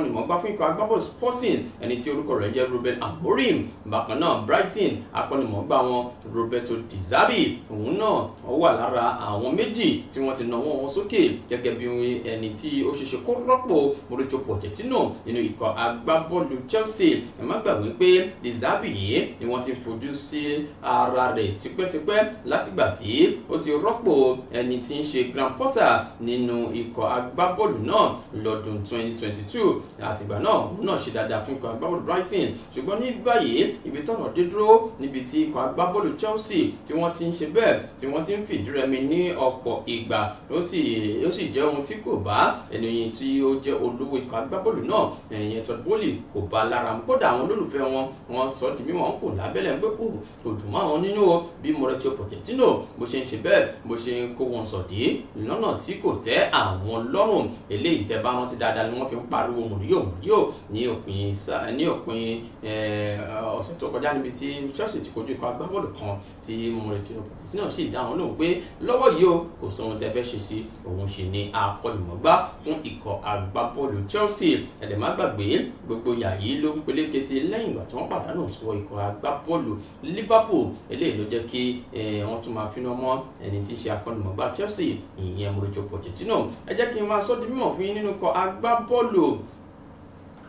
ni wọ́n gbá fún ikọ̀ agbábọ́ọ̀lù Sporting ẹni tí orúkọ rẹ̀ jẹ́ Ruben Amorim bákan náà Brighton akọ́nimọ̀ọ́gbá wọn Roberto Di Zabi òun náà ó wà lára àwọn méjì tí wọ́n ti nawọ́ wọn sókè gẹ́gẹ́ bí ẹni tí ó ṣeṣe kó rọ́pò Mauricio Pochettino nínú ikọ̀ agbábọ́ọ̀lù Chelsea ẹ má gbàgbé pé Di yìí ni wọ́n ti fojú sí ara rẹ̀ tipẹ́tipẹ́ látìgbà tí ó ti rọ́pò ẹni tí ń ṣe Graham Potter nínú ikọ̀ agbábọ́ọ̀lù náà lọ́dún 2022 àtìgbà náà òun náà ṣe dáadáa fún ikọ̀ agbábọ́ọ̀lù Brighton ṣùgbọ́n ní báyìí ibi tọ́rọ̀ dé dúró níbi tí ikọ̀ agbábọ́ọ̀lù Chelsea tí wọ́n ti ń ṣe bẹ́ẹ̀ tí wọ́n ti ń fìdí rẹmi ní ọ̀pọ̀ ìgbà ló sì jẹ́ ohun tí kò bá ènìyàn tí ó jẹ́ olówó ikọ̀ agbábọ́ọ̀lù náà ẹ̀yìn Todd Boehly kò bá lára mu kódà àwọn olólùfẹ́ wọn wọ́n sọ di mímọ́ kò lábẹ́lẹ̀ pé kò dùn mọ́ àwọn nínú bí Mauricio Pochettino bó ṣe ń ṣe bẹ́ẹ̀ bó ṣe ń kó wọn sọ̀dí lọ́nà tí kò tẹ́ àwọn lọ́rùn eléyìí tẹ́ bá rántí dáadáa ni wọ́n fi ń pariwo mùrí yóò yóò ní òpin ní òpin ọ̀sẹ̀ tó kọjá níbi tí Chelsea ti kojú ikọ̀ agbábọ́ọ̀lù kan tí Mauricio Pochettino sì dá wọn lóhùn pé lọ́wọ́ yìí o kò sọ ohun tẹ́ fẹ́ ṣe sí òun ṣe ní akọ́nìmọ̀gbá fún ikọ̀ agbábọ́ọ̀lù Chelsea ẹ̀dẹ̀má gbogbo yàyí ló ń peléke sí lẹ́yìn ìgbà tí wọ́n pàdánù sọ ikọ̀ agbábọ́ọ̀lù Liverpool eléyìí ló jẹ́ kí wọ́n tún máa finá mọ́ ẹni tí í ṣe akọ́nìmọ̀gbá Chelsea ìyẹn Mauricio Pochettino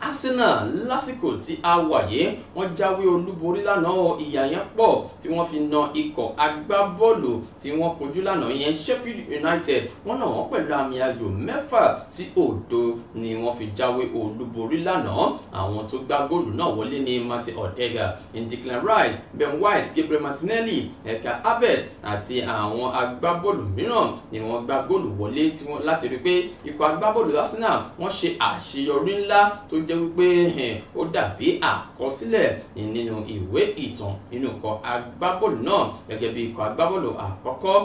Arsenal lásìkò tí a wà yìí wọ́n jáwé olúborí lánàá o ìyà yẹn pọ̀ tí wọ́n fi na ikọ̀ agbábọ́ọ̀lù tí wọ́n kojú lánàá yẹn Sheffield United wọ́n náà wọ́n pẹ̀lú àmì ayò mẹ́fà sí òdo ni wọ́n fi jáwé olúborí lánàá àwọn tó gbá góòlù náà wọlé ní Martin Odega Declan Rice Ben White Gabriel Martinelli Eka Havertz àti àwọn agbábọ́ọ̀lù mìíràn ni wọ́n gbá góòlù wọlé láti rí pé ikọ̀ agbábọ́ọ̀lù Arsenal wọ́n ṣe àṣeyọrí ńlá tó jẹ́ wípé ó dàbí àkọsílẹ̀ nínú ìwé ìtàn nínú ikọ̀ agbábọ́ọ̀lù náà gẹ́gẹ́ bí ikọ̀ agbábọ́ọ̀lù àkọ́kọ́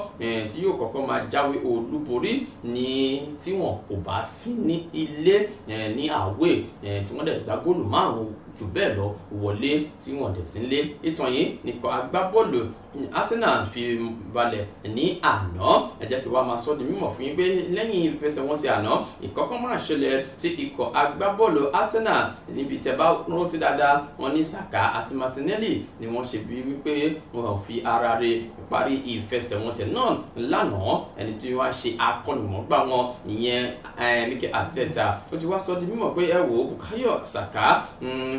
tí yóò kọ́kọ́ máa jáwé olúborí ní tí wọn kò bá sí ní ilé ní àwẹ̀ tí wọ́n dẹ̀ gbá góòlù márùn-ún jù bẹ́ẹ̀ lọ wọlé tí wọ́n dẹ̀ sí ń lé ìtàn yìí nìkan agbábọ́ọ̀lù Arsenal fi balẹ̀ ní àná ẹ jẹ́ kí wàá máa sọ di mímọ̀ fún yín pé lẹ́yìn ìfẹsẹ̀wọnsẹ̀ àná ìkọ́kọ́ máa ṣẹlẹ̀ sí ikọ̀ agbábọ́ọ̀lù Arsenal níbi tẹ̀bá rántí dáadáa wọ́n ní Saka àti Martinelli ni wọ́n ṣe bí wípé wọ́n fi ara rẹ̀ parí ìfẹsẹ̀wọnsẹ̀ náà lánàá ẹni tí wọ́n á ṣe akọ́nìmọ̀gbà wọn ìyẹn Mikel Arteta ó ti wá sọ di mímọ̀ pé ẹ wò ó Bukayo Saka mm,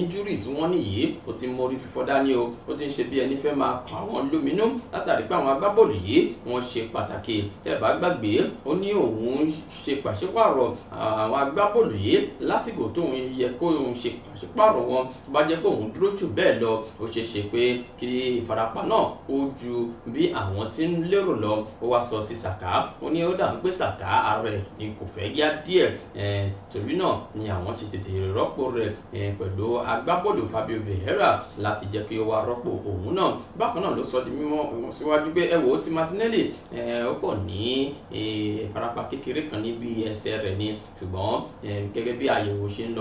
injury tí wọ́n nìyí ó ti mórí fífọ́ dání o ó ti ń ṣe bí ẹni fẹ́ máa kọ́ àwọn lóminú látàrí pé àwọn agbábọ́ọ̀lù yìí wọ́n ṣe pàtàkì ẹ bá gbàgbé ó ní òun ṣe pàṣípààrọ̀ àwọn agbábọ́ọ̀lù yìí lásìkò tóun yẹ kó òun ṣe pàṣípààrọ̀ pàṣípààrọ̀ wọn tó bá jẹ́ pé òun dúró jù bẹ́ẹ̀ lọ ó ṣeé ṣe pé kí ìfarapa náà ó ju bí àwọn ti ń lérò lọ ó wá sọ ti Sàká ó ní ó dà ń pé Sàká ara ẹ̀ ni kò fẹ́ yá díẹ̀ torí náà ni àwọn ti tètè rọ́pò rẹ̀ pẹ̀lú agbábọ́ọ̀lù Fabio Vieira láti jẹ́ kí ó wá rọ́pò òun náà bákan náà ló sọ di mímọ̀ síwájú pé ẹ ó ti Martinelli ó kò ní ìfarapa kékeré kan níbi ẹsẹ̀ rẹ̀ ni ṣùgbọ́n gẹ́gẹ́ bí àyẹ̀wò ṣe ń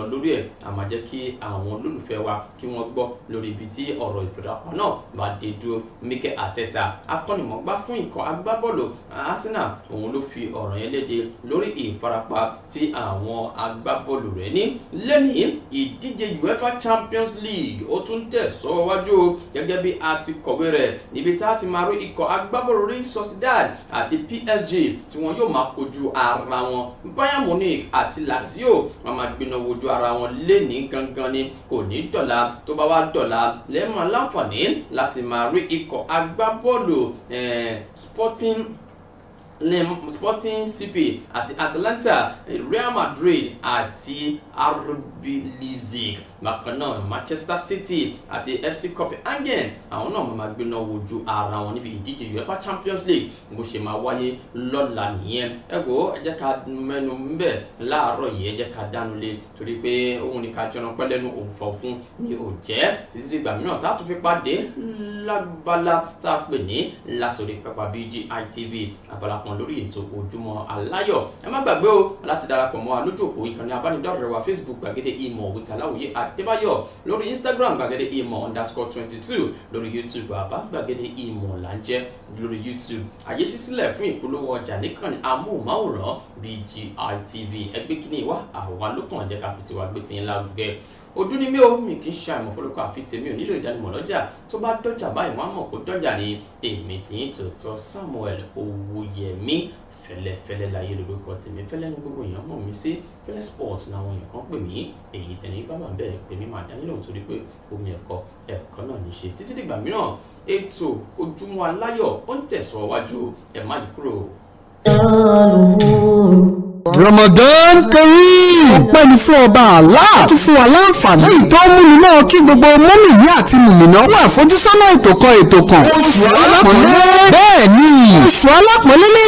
àwọn olólùfẹ́ wa kí wọ́n gbọ́ lórí ibi tí ọ̀rọ̀ ìbùdókọ̀ náà bá dé dúró Mikel Arteta akọ́nìmọ̀gbá fún ikọ̀ agbábọ́ọ̀lù Arsenal òun ló fi ọ̀rọ̀ yẹn léde lórí ìfarapa tí àwọn agbábọ́ọ̀lù rẹ̀ ní lẹ́nìí ìdíje UEFA Champions League ó tún tẹ̀ sọ́wọ́wájú gẹ́gẹ́ bí a ti kọ̀wé rẹ̀ níbi tá a ti máa rí ikọ̀ agbábọ́ọ̀lù Real Sociedad àti PSG tí wọn yóò máa kojú ara wọn Bayern Munich àti Lazio wọn máa gbiná wojú ara gangan ni kò ní dọ̀la tó bá wá dọ̀la lẹ́mọ̀ aláǹfààní láti máa rí ikọ̀ agbábọ́ọ̀lù eh, sporting sporting cp àti atalanta real madrid àti RB Leipzig bákan náà Manchester City àti FC Copenhagen àwọn náà máa gbéná wojú ara wọn níbi ìdíje UEFA Champions League bó ṣe máa wáyé lọ́la nìyẹn ẹ wò ẹ jẹ́ ká mẹ́nu mbẹ̀ láàárọ̀ yìí ẹ jẹ́ ká dánu lé torí pé òun ni ká jọran pẹ́ lẹ́nu òfò fún ni ò jẹ́ títí dìgbà mìíràn tá a tún fi pàdé lágbálá tá a pè ní látòrí pápá BGI TV abala kan lórí ètò ojúmọ́ aláyọ̀ ẹ má gbàgbé o láti darapọ̀ mọ́ wa lójú òpó ìkànnì abánidọ́rẹ̀ẹ́ wa Facebook gbàgede ìmọ̀ ògùntàláwòye àdébáyọ̀ lórí instagram gbàgede ìmọ̀ underscore twenty two lórí youtube bàbá gbàgede ìmọ̀ là ń youtube àyè ṣí sílẹ̀ fún ìpolówó ọjà nìkan amóhùnmáwòrán BGI TV ẹgbẹ́ kíní wá àwa ló kàn jẹ́ ká fi tiwa gbé ti ń lárugẹ ojú ni mí o mi kì í ṣe àìmọ̀ fọlọ́kọ àfi tèmi ò nílò ìdánimọ̀ lọ́jà tó bá dọ́jà báyìí wọ́n á mọ̀ kó dọ́jà ni èmi tìyín tòótọ́ Samuel Owóyẹmí fẹ́lẹ́ fẹ́lẹ́ láyé lórúkọ tèmi fẹ́lẹ́ ní gbogbo èèyàn mọ̀ mí sí fẹ́lẹ́ sport làwọn èèyàn kan pè mí èyí tẹ̀lé bá wà bẹ́ẹ̀ pè mí màá dání lòun torí pé omi ẹ̀kọ́ ẹ̀kọ́ náà ní ṣe títí dìgbà mìíràn ètò ojúmọ́ aláyọ̀ ó ń tẹ̀síwájú ẹ̀ má yí kúrò. Ramadan kan ọpẹ́ ni fún ọba Allah tó fún wa láǹfààní ìtọ́ múni náà kí gbogbo mọ́mìnì àti mùmìnà wà fojúsọ́nà ètò kan ètò kan. oṣù alápọ̀nlé bẹ́ẹ̀ ni oṣù alápọ̀nlé ní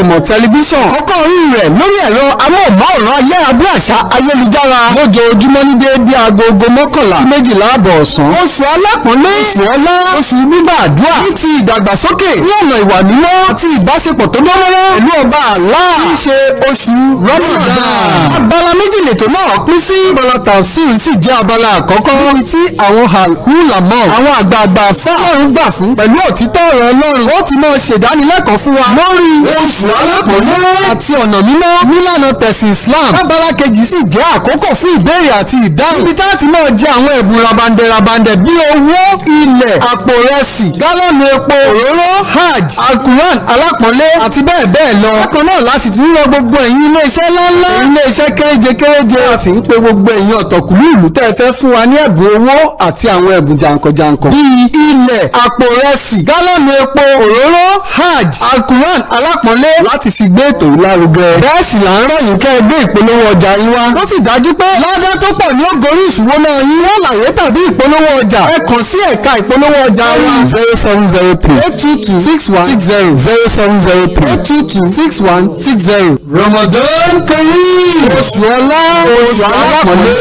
ìmọ̀ tẹlifíṣàn kọ́kọ́ orí rẹ̀ lórí ẹ̀rọ amóhùnmáwòrán ayárabíàṣá ayélujára lójoojúmọ́ ní déédéé aago mọ́kànlá sí méjìlá àbọ̀ ọ̀sán oṣù alápọ̀nlé oṣù ọlá oṣù gbígbàdúrà ní ti ìdàgbàsókè ní ọ̀nà ìwà mímọ́ àti ìbáṣepọ̀ tó dán mọ́rán pẹ̀lú ọba àlá tí í ṣe oṣù rọ́mọ̀dán. abala méjì lètò náà pín sí. abala tafsir sì jẹ́ abala àkọ́kọ́. níbi tí àwọn hùlámọ̀ àwọn àgbààgbà fọ́ọ̀rù gbà fún pẹ̀lú òtítọ́ ọ̀rọ̀ ọlọ́run ó ti máa ṣèdánilẹ́kọ̀ọ́ fún wa lórí oṣù alápọ̀nlé àti ọ̀nà mímọ́ nílànà tẹ̀sìn Islam. abala kejì sì jẹ́ àkókò fún ìbéèrè àti ìdáhùn. níbi tá a ti máa jẹ àwọn ẹ̀bùn rabandẹ rabandẹ bíi owó ilẹ̀ àpò rẹsì gálọ́nù nínú epo òróró hajj alkuran alápọ̀nlé àti bẹ́ẹ̀ bẹ́ẹ̀ lọ. bákan náà la sì tún lọ gbogbo ẹ̀yin ilé iṣẹ́ ńláńlá ilé iṣẹ́ kéréje kéréje a sì ń pe gbogbo ẹ̀yin ọ̀tọ̀kùlú ìlú tẹ́ ẹ fẹ́ fún wa ní ẹ̀bùn owó àti àwọn ẹ̀bùn jàǹkànjàǹkàn. bíi ilẹ̀ àpò rẹsì gálọ́ọ̀nù epo òróró hajj alkuran alápọ̀nlé láti fi gbé ètò lárugẹ. bẹ́ẹ̀ sì là ń rọ̀yìn kẹ́ ẹ gbé ìpolówó zero three eight two two six one six zero zero seven zero three eight two two six one six zero. Ramadan Kareem oṣù ọlá oṣù alápọ̀lẹ́.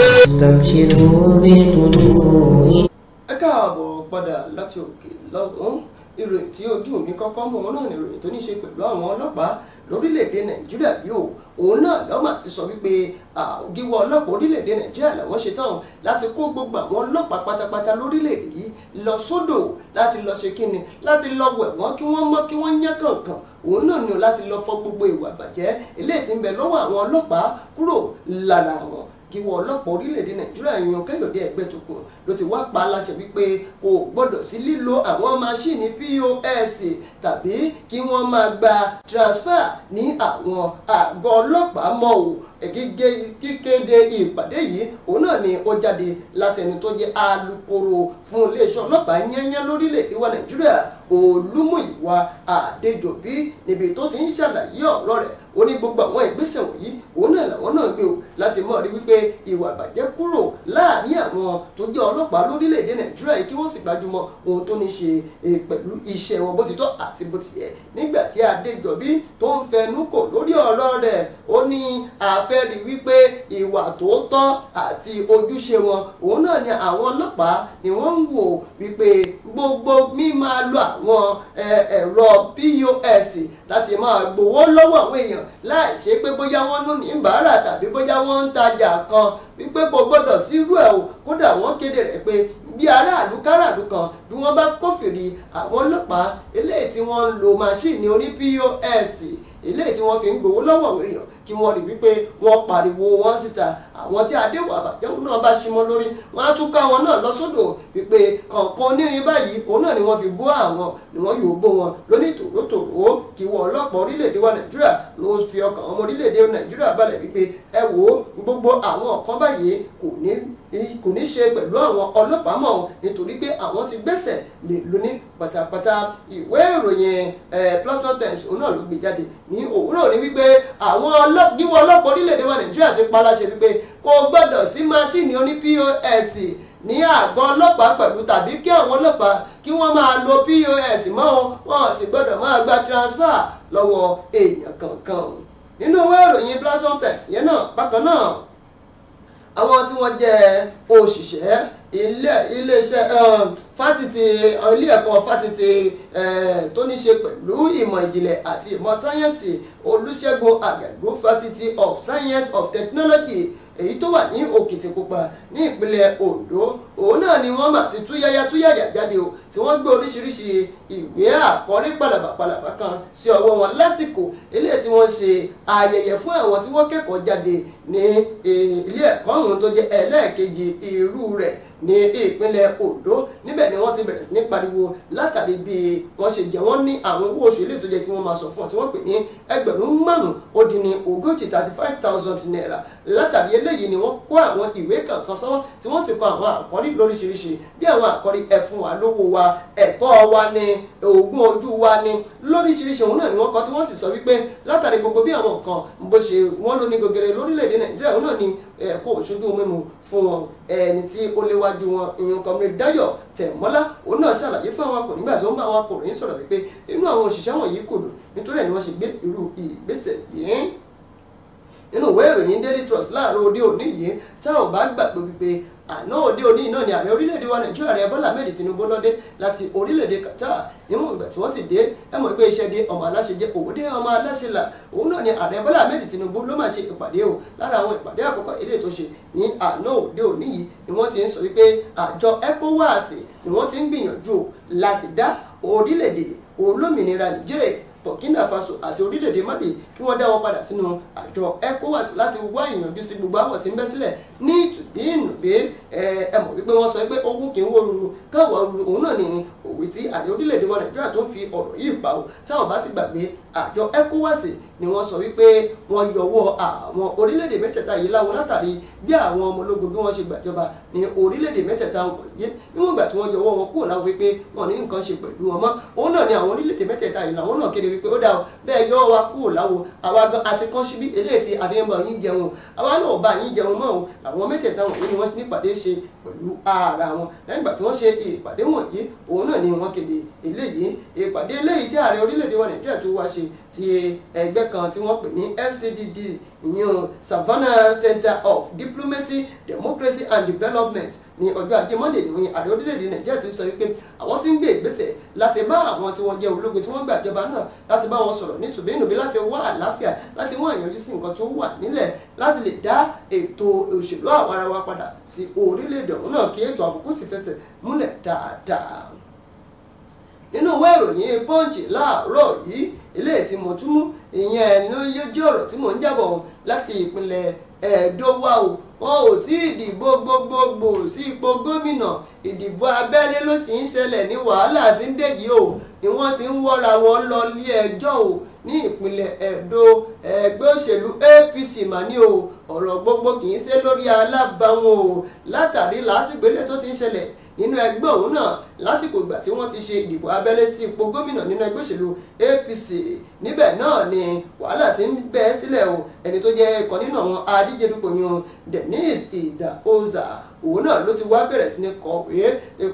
ẹ káàbọ̀ padà láti òkè ìròyìn tí ojú mi kọ́kọ́ mú òun náà ni ìròyìn tó ní ṣe pẹ̀lú àwọn ọlọ́pàá lórílẹ̀‐èdè nàìjíríà yìí o òun náà lọ́mà ti sọ wípé àgíwọ́ ọlọ́pàá orílẹ̀‐èdè nàìjíríà làwọn ṣe tán láti kó gbogbo àwọn ọlọ́pàá pátápátá lórílẹ̀‐èdè yìí lọ sódò láti lọ ṣe kíni láti lọ wẹ̀ wọ́n kí wọ́n mọ́ kí wọ́n yán kànkàn òun náà ni láti lọ fọ gbogbo ìwà bàjẹ́ eléyìí tí ń bẹ lọ́wọ́ àwọn ọlọ́pàá kúrò lára wọn kí wọ́n ọlọ́pàá orílẹ̀-èdè nàìjíríà yan kẹ́yọ̀dé ẹ̀gbẹ́tukùn ló ti wá pa aláṣẹ wípé kò gbọ́dọ̀ sí lílo àwọn máṣíìnì pos tàbí kí wọ́n máa gba transfer ní àwọn àgọ́ ọlọ́pàá mọ́ ò kíkéde ìpàdé yìí òun náà ni ó jáde látẹnu tó jẹ́ alukoro fún iléeṣẹ́ ọlọ́pàá yẹ́nyẹ́ lórílẹ̀-èdè wa nàìjíríà olúmúìwà àdéjòbí níbi tó ti ń ṣàlàyé ọ̀rọ̀ rẹ̀ ó ní gbogbo àwọn ìgbésẹ̀ wọ̀nyí òun náà làwọn náà gbé o láti mọ̀ rí wípé ìwà ìbàjẹ́ kúrò láàrin àwọn tó jẹ́ ọlọ́pàá lórílẹ̀‐èdè nàìjíríà yìí kí wọ́n sì gbajúmọ̀ ohun tó ní ṣe e, pẹ̀lú iṣẹ́ wọn bó ti tọ́ àti bó ti yẹ nígbà tí adéjọbí tó ń fẹnu kò lórí ọ̀rọ̀ rẹ̀ ó ní àfẹ́rí wípé ìwà tòótọ́ àti ojúṣe wọn òun náà ni àwọn ọlọ́pàá ni wọ́n ń wò wípé gbogbo mímáa lo àwọn e, ẹ̀rọ pos láti máa gbowó lọ́wọ́ àwọn èèyàn èèyàn láì ṣe pé bóyá wọ́n ní oníbàárà tàbí bóyá wọ́n ń tajà kan wípé kò gbọ́dọ̀ sírú ẹ̀ o kódà wọ́n kéde rẹ̀ pé bí aráàlú káràlú kan bí wọ́n bá kófìrí àwọn ọlọ́pàá eléyìí tí wọ́n ń lo máṣíìnì oní pọ́s eléyìí tí wọ́n fi ń gbowó lọ́wọ́ èèyàn kí wọ́n rí wípé wọ́n pariwo wọn síta àwọn tí àdéhùn àbàjẹ́ náà bá ṣímọ́ lórí wọ́n á tún ká wọn náà lọ sódò wípé kọ̀ọ̀kan onírin báyìí òun náà ni wọ́n fi bú àwọn ni wọ́n yóò bó wọn lóní tòrótòró kí wọ́n ọlọ́pàá orílẹ̀-èdè wa nàìjíríà ló fi ọkàn ọmọ orílẹ̀-èdè nàìjíríà balẹ̀ wípé ẹ wo gbogbo àwọn ọ̀kan báyìí kò ní kò ní ṣe pẹ̀lú àwọn ọlọ́pàá mọ́ nítorí pé àwọn ti gbẹ́sẹ̀ lé lóní pátápátá ìwé ìròyìn eh, Plateau Times òun náà ló gbé jáde ní òwúrọ̀ ní wípé àwọn ọlọ́ bíwọ ọlọ́pàá orílẹ̀-èdè wa nàìjíríà ti paláṣẹ wípé kò gbọ́dọ̀ sí máṣíìnì oní pọ́s ní àgọ́ ọlọ́pàá pẹ̀lú tàbí kí àwọn ọlọ́pàá kí wọ́n máa lo pọ́s mọ́ wọn sì gbọ́dọ̀ máa gba transfer lọ́wọ́ èèyàn kankan nínú owó ìròyìn platform text yẹn náà bákan náà àwọn tí wọ́n jẹ́ òṣìṣẹ́ ilé iléeṣẹ́ um, fásitì ilé ẹ̀kọ́ fásitì um, tó ní ṣe pẹ̀lú ìmọ̀ ìjìnlẹ̀ àti ìmọ̀ sáyẹ́ǹsì olùṣègùn àgàgù fásitì of science of technology èyí tó wà ní òkìtìpupa ní ìpínlẹ̀ ondo òun náà ni wọ́n mà ti túyáyá túyáyá jáde o tí wọ́n gbé oríṣiríṣi ìwé àkọ́rí pàlàbà pàlàbà kan sí ọwọ́ wọn lásìkò ilé tí wọ́n ṣe ayẹyẹ fún àwọn tí wọ́n kẹ́kọ̀ọ́ jáde ní eh, ilé ẹ̀kọ́ ọ̀hún tó jẹ́ ẹlẹ́ẹ̀kejì irú rẹ̀ ní ìpínlẹ̀ Ondo níbẹ̀ ni wọ́n ti bẹ̀rẹ̀ sí ní pariwo látàrí bí wọ́n ṣe jẹ wọ́n ní àwọn owó oṣù ilé tó jẹ́ kí wọ́n máa sọ fún ọ tí wọ́n pè ní ẹgbẹ̀rún márùn-ún ó dín ní ogójì thirty five thousand naira látàrí eléyìí ni wọ́n kó àwọn ìwé kankan sọ́wọ́ tí wọ́n sì kọ àwọn àkọ́rí lóríṣiríṣi bí àwọn àkọ́rí ẹ fún wa lówó wa ẹ̀tọ́ wa ni oògùn ojú wa ni lóríṣiríṣi òun náà ni wọ́n kọ tí wọ́n sì sọ wípé látàrí gbogbo bí àwọn nǹkan bó ṣe wọ́n ló ní gogere lórílẹ̀‐èdè Nàìjíríà òun náà ni ẹ̀kọ́ òṣojú mímu fún wọn ẹni tí ó léwájú wọn ìyún kọmírin Dáyọ̀ Tẹ̀mọ́lá òun náà ṣàlàyé fún àwọn akọ̀ròyìn nígbà tó ń bá àwọn akọ̀ròyìn sọ̀rọ̀ wípé inú àwọn òṣìṣẹ́ wọ̀nyí kò dùn nítorí ẹ̀ ni wọ́n ṣe gbé irú ìgbésẹ̀ yìí nínú ìwé ìròyìn Daily Trust láàárọ̀ òde òní yìí táwọn bá gbàgbé wípé àná òde òní náà ni ààrẹ orílẹ̀-èdè wa nàìjíríà rẹ̀ bọ́lá mẹ́rin tinubu lọ́dé láti orílẹ̀-èdè qatar níwọ̀n ìgbà tí wọ́n sì dé ẹ̀mọ́ ìgbé iṣẹ́ dé ọmọ aláṣẹ jẹ́ òwúdé ọmọ aláṣẹ là òun náà ni ààrẹ bọ́lá mẹ́rin tinubu ló máa ṣe ìpàdé o lára àwọn ìpàdé àkọ́kọ́ eré tó ṣe ní àná òde òní yìí ni wọ́n ti ń sọ wípé àjọ ecowas ni wọ́n ti ń gbìyànjú láti dá orílẹ̀-èdè olómìnira nìjẹ́rẹ̀ burkina faso àti orílẹ̀-èdè mali kí wọ́n dá wọn padà sínú àjọ ecowas láti wá ìyànjú sí gbogbo àwọn tí ń bẹ́ sílẹ̀ ní tùbí ìnùbí ẹ mọ̀ wípé wọ́n sọ pé owó kì í wó ruru káwọ̀ ruru òun náà nìyí òwe tí ààrẹ orílẹ̀-èdè wa nàìjíríà tó ń fi ọ̀rọ̀ yìí bá o táwọn bá ti gbàgbé àjọ ecowas ni wọ́n sọ wípé wọ́n yọwọ́ àwọn orílẹ̀-èdè mẹ́tẹ̀ẹ̀ta yìí láwo látàrí bí àwọn ọmọ ológun bí wọ́n ṣe gbàjọba ní orílẹ̀-èdè mẹ́tẹ̀ẹ̀ta wọ̀nyí níwọ̀n ìgbà tí wọ́n yọwọ́ wọn kúrò láwọn wípé wọn ní nǹkan ṣe pẹ̀lú wọn mọ́ òun náà ni àwọn orílẹ̀-èdè mẹ́tẹ̀ẹ̀ta yìí làwọn náà kéde wípé ó dà o bẹ́ẹ̀ yọ wa kúrò láwo àwa gan àti kán síbí eléyìí tí àfihàn bá yín jẹun àwa náà àwọn mẹ́tẹ̀ẹ̀ta wọ̀nyí ni wọ́n nípàdé ṣe pẹ̀lú ara wọn lẹ́yìn ìgbà tí wọ́n ṣe ìpàdé wọ̀nyí òun náà ni wọ́n kéde eléyìí ìpàdé eléyìí tí ààrẹ orílẹ̀-èdè wa nàìjíríà tó wá ṣe ti ẹgbẹ́ kan tí wọ́n pè ní SCDD ìyẹn Savannah Center of Diplomacy Democracy and Development ní ọjọ́ ajé monday ní ààrẹ orílẹ̀-èdè nàìjíríà ti sọ wípé àwọn ti ń gbé ìgbésẹ̀ láti bá àwọn tí wọ́n jẹ́ ológun tí wọ́n gbàjọba náà láti bá wọn sọ̀rọ̀ nítòbínúbí láti wá àlàáfíà láti wọ́n àyànjú sí nǹkan tó wà nílẹ̀ láti lè dá ètò òṣèlú ìlú àwọn ará wa padà sí orílẹ̀-èdè ọ̀hún náà kí ètò àbùkù sì fẹsẹ̀ múlẹ̀ dáadáa nínú ìwé ìròyìn pọ́ǹchì láàárọ̀ yìí ilé tí mo tún mú ìyẹn ẹni yóò jẹ́ ọ̀rọ̀ tí mò ń jábọ̀ láti ìpínlẹ̀ Ẹ̀dó o wọn ò tí ì dìbò gbogbogbò sí ipò gómìnà ìdìbò abẹ́lé ló sì ń ṣẹlẹ̀ ní wàhálà tí ń dèjì o ni wọ́n ti ń wọ́ra wọn lọ ilé ẹjọ́ o ní ìpínlẹ̀ Ẹdó ẹgbẹ́ òṣèlú APC mà ní o ọ̀rọ̀ gbogbo kì í ṣe lórí alábàáwọn o látàrí làásìgbélé tó ti ń ṣẹlẹ̀ nínú ẹgbẹ́ òun náà lásìkò ìgbà tí wọ́n ti ṣe ìdìbò abẹ́lé sí ipò gómìnà nínú ẹgbẹ́ òṣèlú APC níbẹ̀ náà ni wàhálà ti ń bẹ́ sílẹ̀ o ẹni tó jẹ́ ọ̀kan nínú àwọn adíjedupò yun Dennis Idahosa òun náà ló ti wá bẹ̀rẹ̀ sí ní kọ̀wé